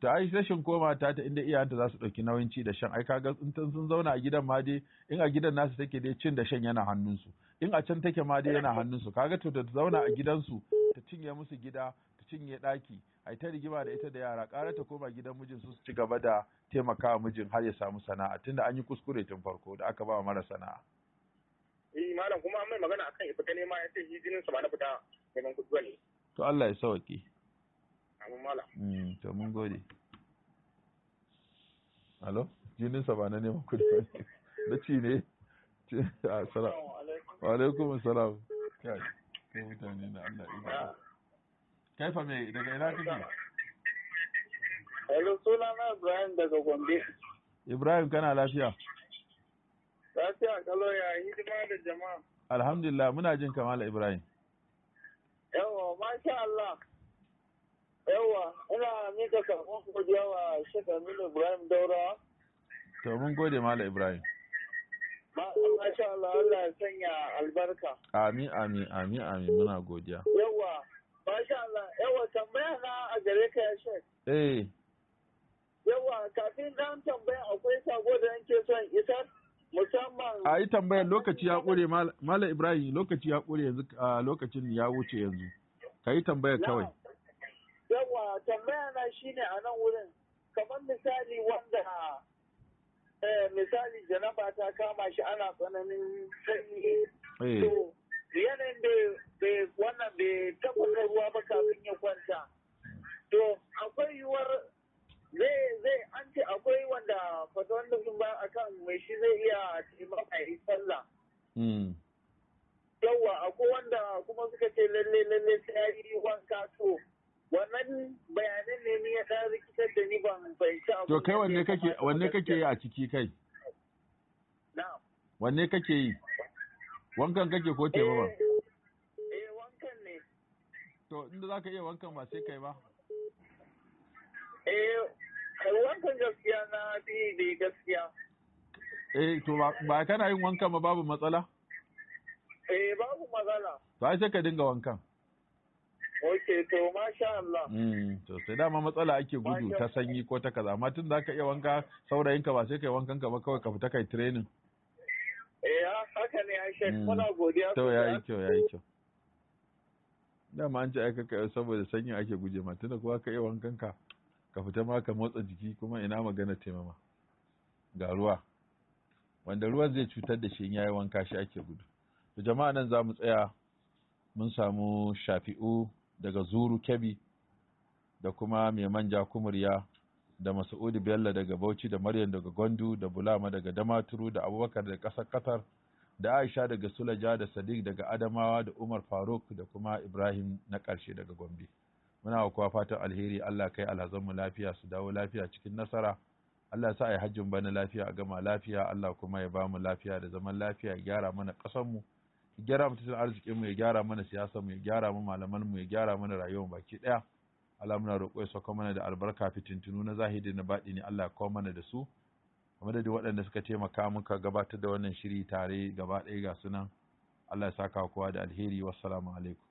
to ai rashin koma ta ta inda iyayenta za su ɗauki nauyin ci da shan ai kaga in sun zauna a gidan ma dai in a gidan nasu take dai cin da shan yana hannunsu in a can take ma dai yana hannunsu kaga to da zauna a gidansu ta cinye musu gida ta cinye ɗaki ai ta rigima da ita da yara ƙara ta koma gidan mijin su ci gaba da taimakawa mijin har ya samu sana'a tunda an yi kuskure tun farko da aka ba mara sana'a. Eh malam kuma an mai magana akan ya fita nema ya ce shi jinin sa ba na fita neman kuɗi ne. To Allah ya sauke. Hmm, alo jinin ba na neman kudi ba na ci ne wa alaikum kai kai mutane daga ina kake Hello, suna na Ibrahim daga Gombe. Ibrahim kana lafiya? Lafiya kalo ya hidima da jama'a. Alhamdulillah muna jin kamala Ibrahim. Yawa, masha Allah. Yawa, ina mika sakon godiya wa Sheikh Aminu Ibrahim Daura. To mun gode Malam Ibrahim. Masha Allah, Allah ya sanya albarka. Amin, amin, amin, amin, muna godiya. Yawa, Masha Allah, yawa tambaya na a gare ka ya Sheikh. Eh. Yawa, kafin dan tambaya akwai sako da yanke son isar. musamman a yi tambayar lokaci ya kure mala ibrahim lokaci ya ƙure yanzu lokacin ya wuce yanzu ka yi tambayar kawai yawa tambaya na shine a nan wurin kamar misali wanda eh, misali janaba ta kama shi ana tsananin sanyi eh. to yanayin da wannan bai taɓa ruwa ba kafin ya wanne kake wanne kake yi a ciki kai wanne kake yi wankan kake ko teba ba eh, eh wankan ne to inda za ka iya wankan ba sai kai ba eh wankan gaskiya na fi da gaskiya eh to ba kana yin wankan ba babu matsala eh babu matsala to ai sai ka dinga wankan eh to masha Allah mm, to sai dama matsala ake gudu ta sanyi ko ta kaza amma tun da ka iya wanka saurayin ka ba sai kai wankan ka ba kawai ka fita kai training eh haka ne shek mm. muna godiya to yi kyau yi kyau dama an ce ai kai saboda sanyin ake guje ma tunda kuwa ka iya wankan ka ka fita ma ka motsa jiki kuma ina magana taimama ga ruwa wanda ruwan zai cutar da shi in yayi wanka shi ake gudu to jama'a nan za mu tsaya mun samu shafi'u daga Zuru kebi da kuma mai manja kumurya da Masuudu Bello daga Bauchi da Maryam daga Gondu da Bulama daga Damaturu da Abubakar da ƙasar Qatar da Aisha daga Sulaja da Sadiq daga Adamawa da Umar Faruk da kuma Ibrahim na ƙarshe daga Gombe. Muna wa kowa fatan alheri Allah kai alhazanmu lafiya su dawo lafiya cikin nasara. Allah sa a hajjin bana lafiya a gama lafiya Allah kuma ya ba mu lafiya da zaman lafiya ya gyara mana ƙasanmu ya gyara mu tattalin arzikin mu ya gyara mana siyasa mu ya gyara mu malaman mu ya gyara mana rayuwar baki daya Allah muna roƙo ya sauka mana da albarka fitintunu na zahiri na baɗi ne Allah ya kawo mana da su kamar da waɗanda suka taimaka muka gabatar da wannan shiri tare gaba ɗaya ga sunan Allah ya saka kowa da alheri wassalamu alaikum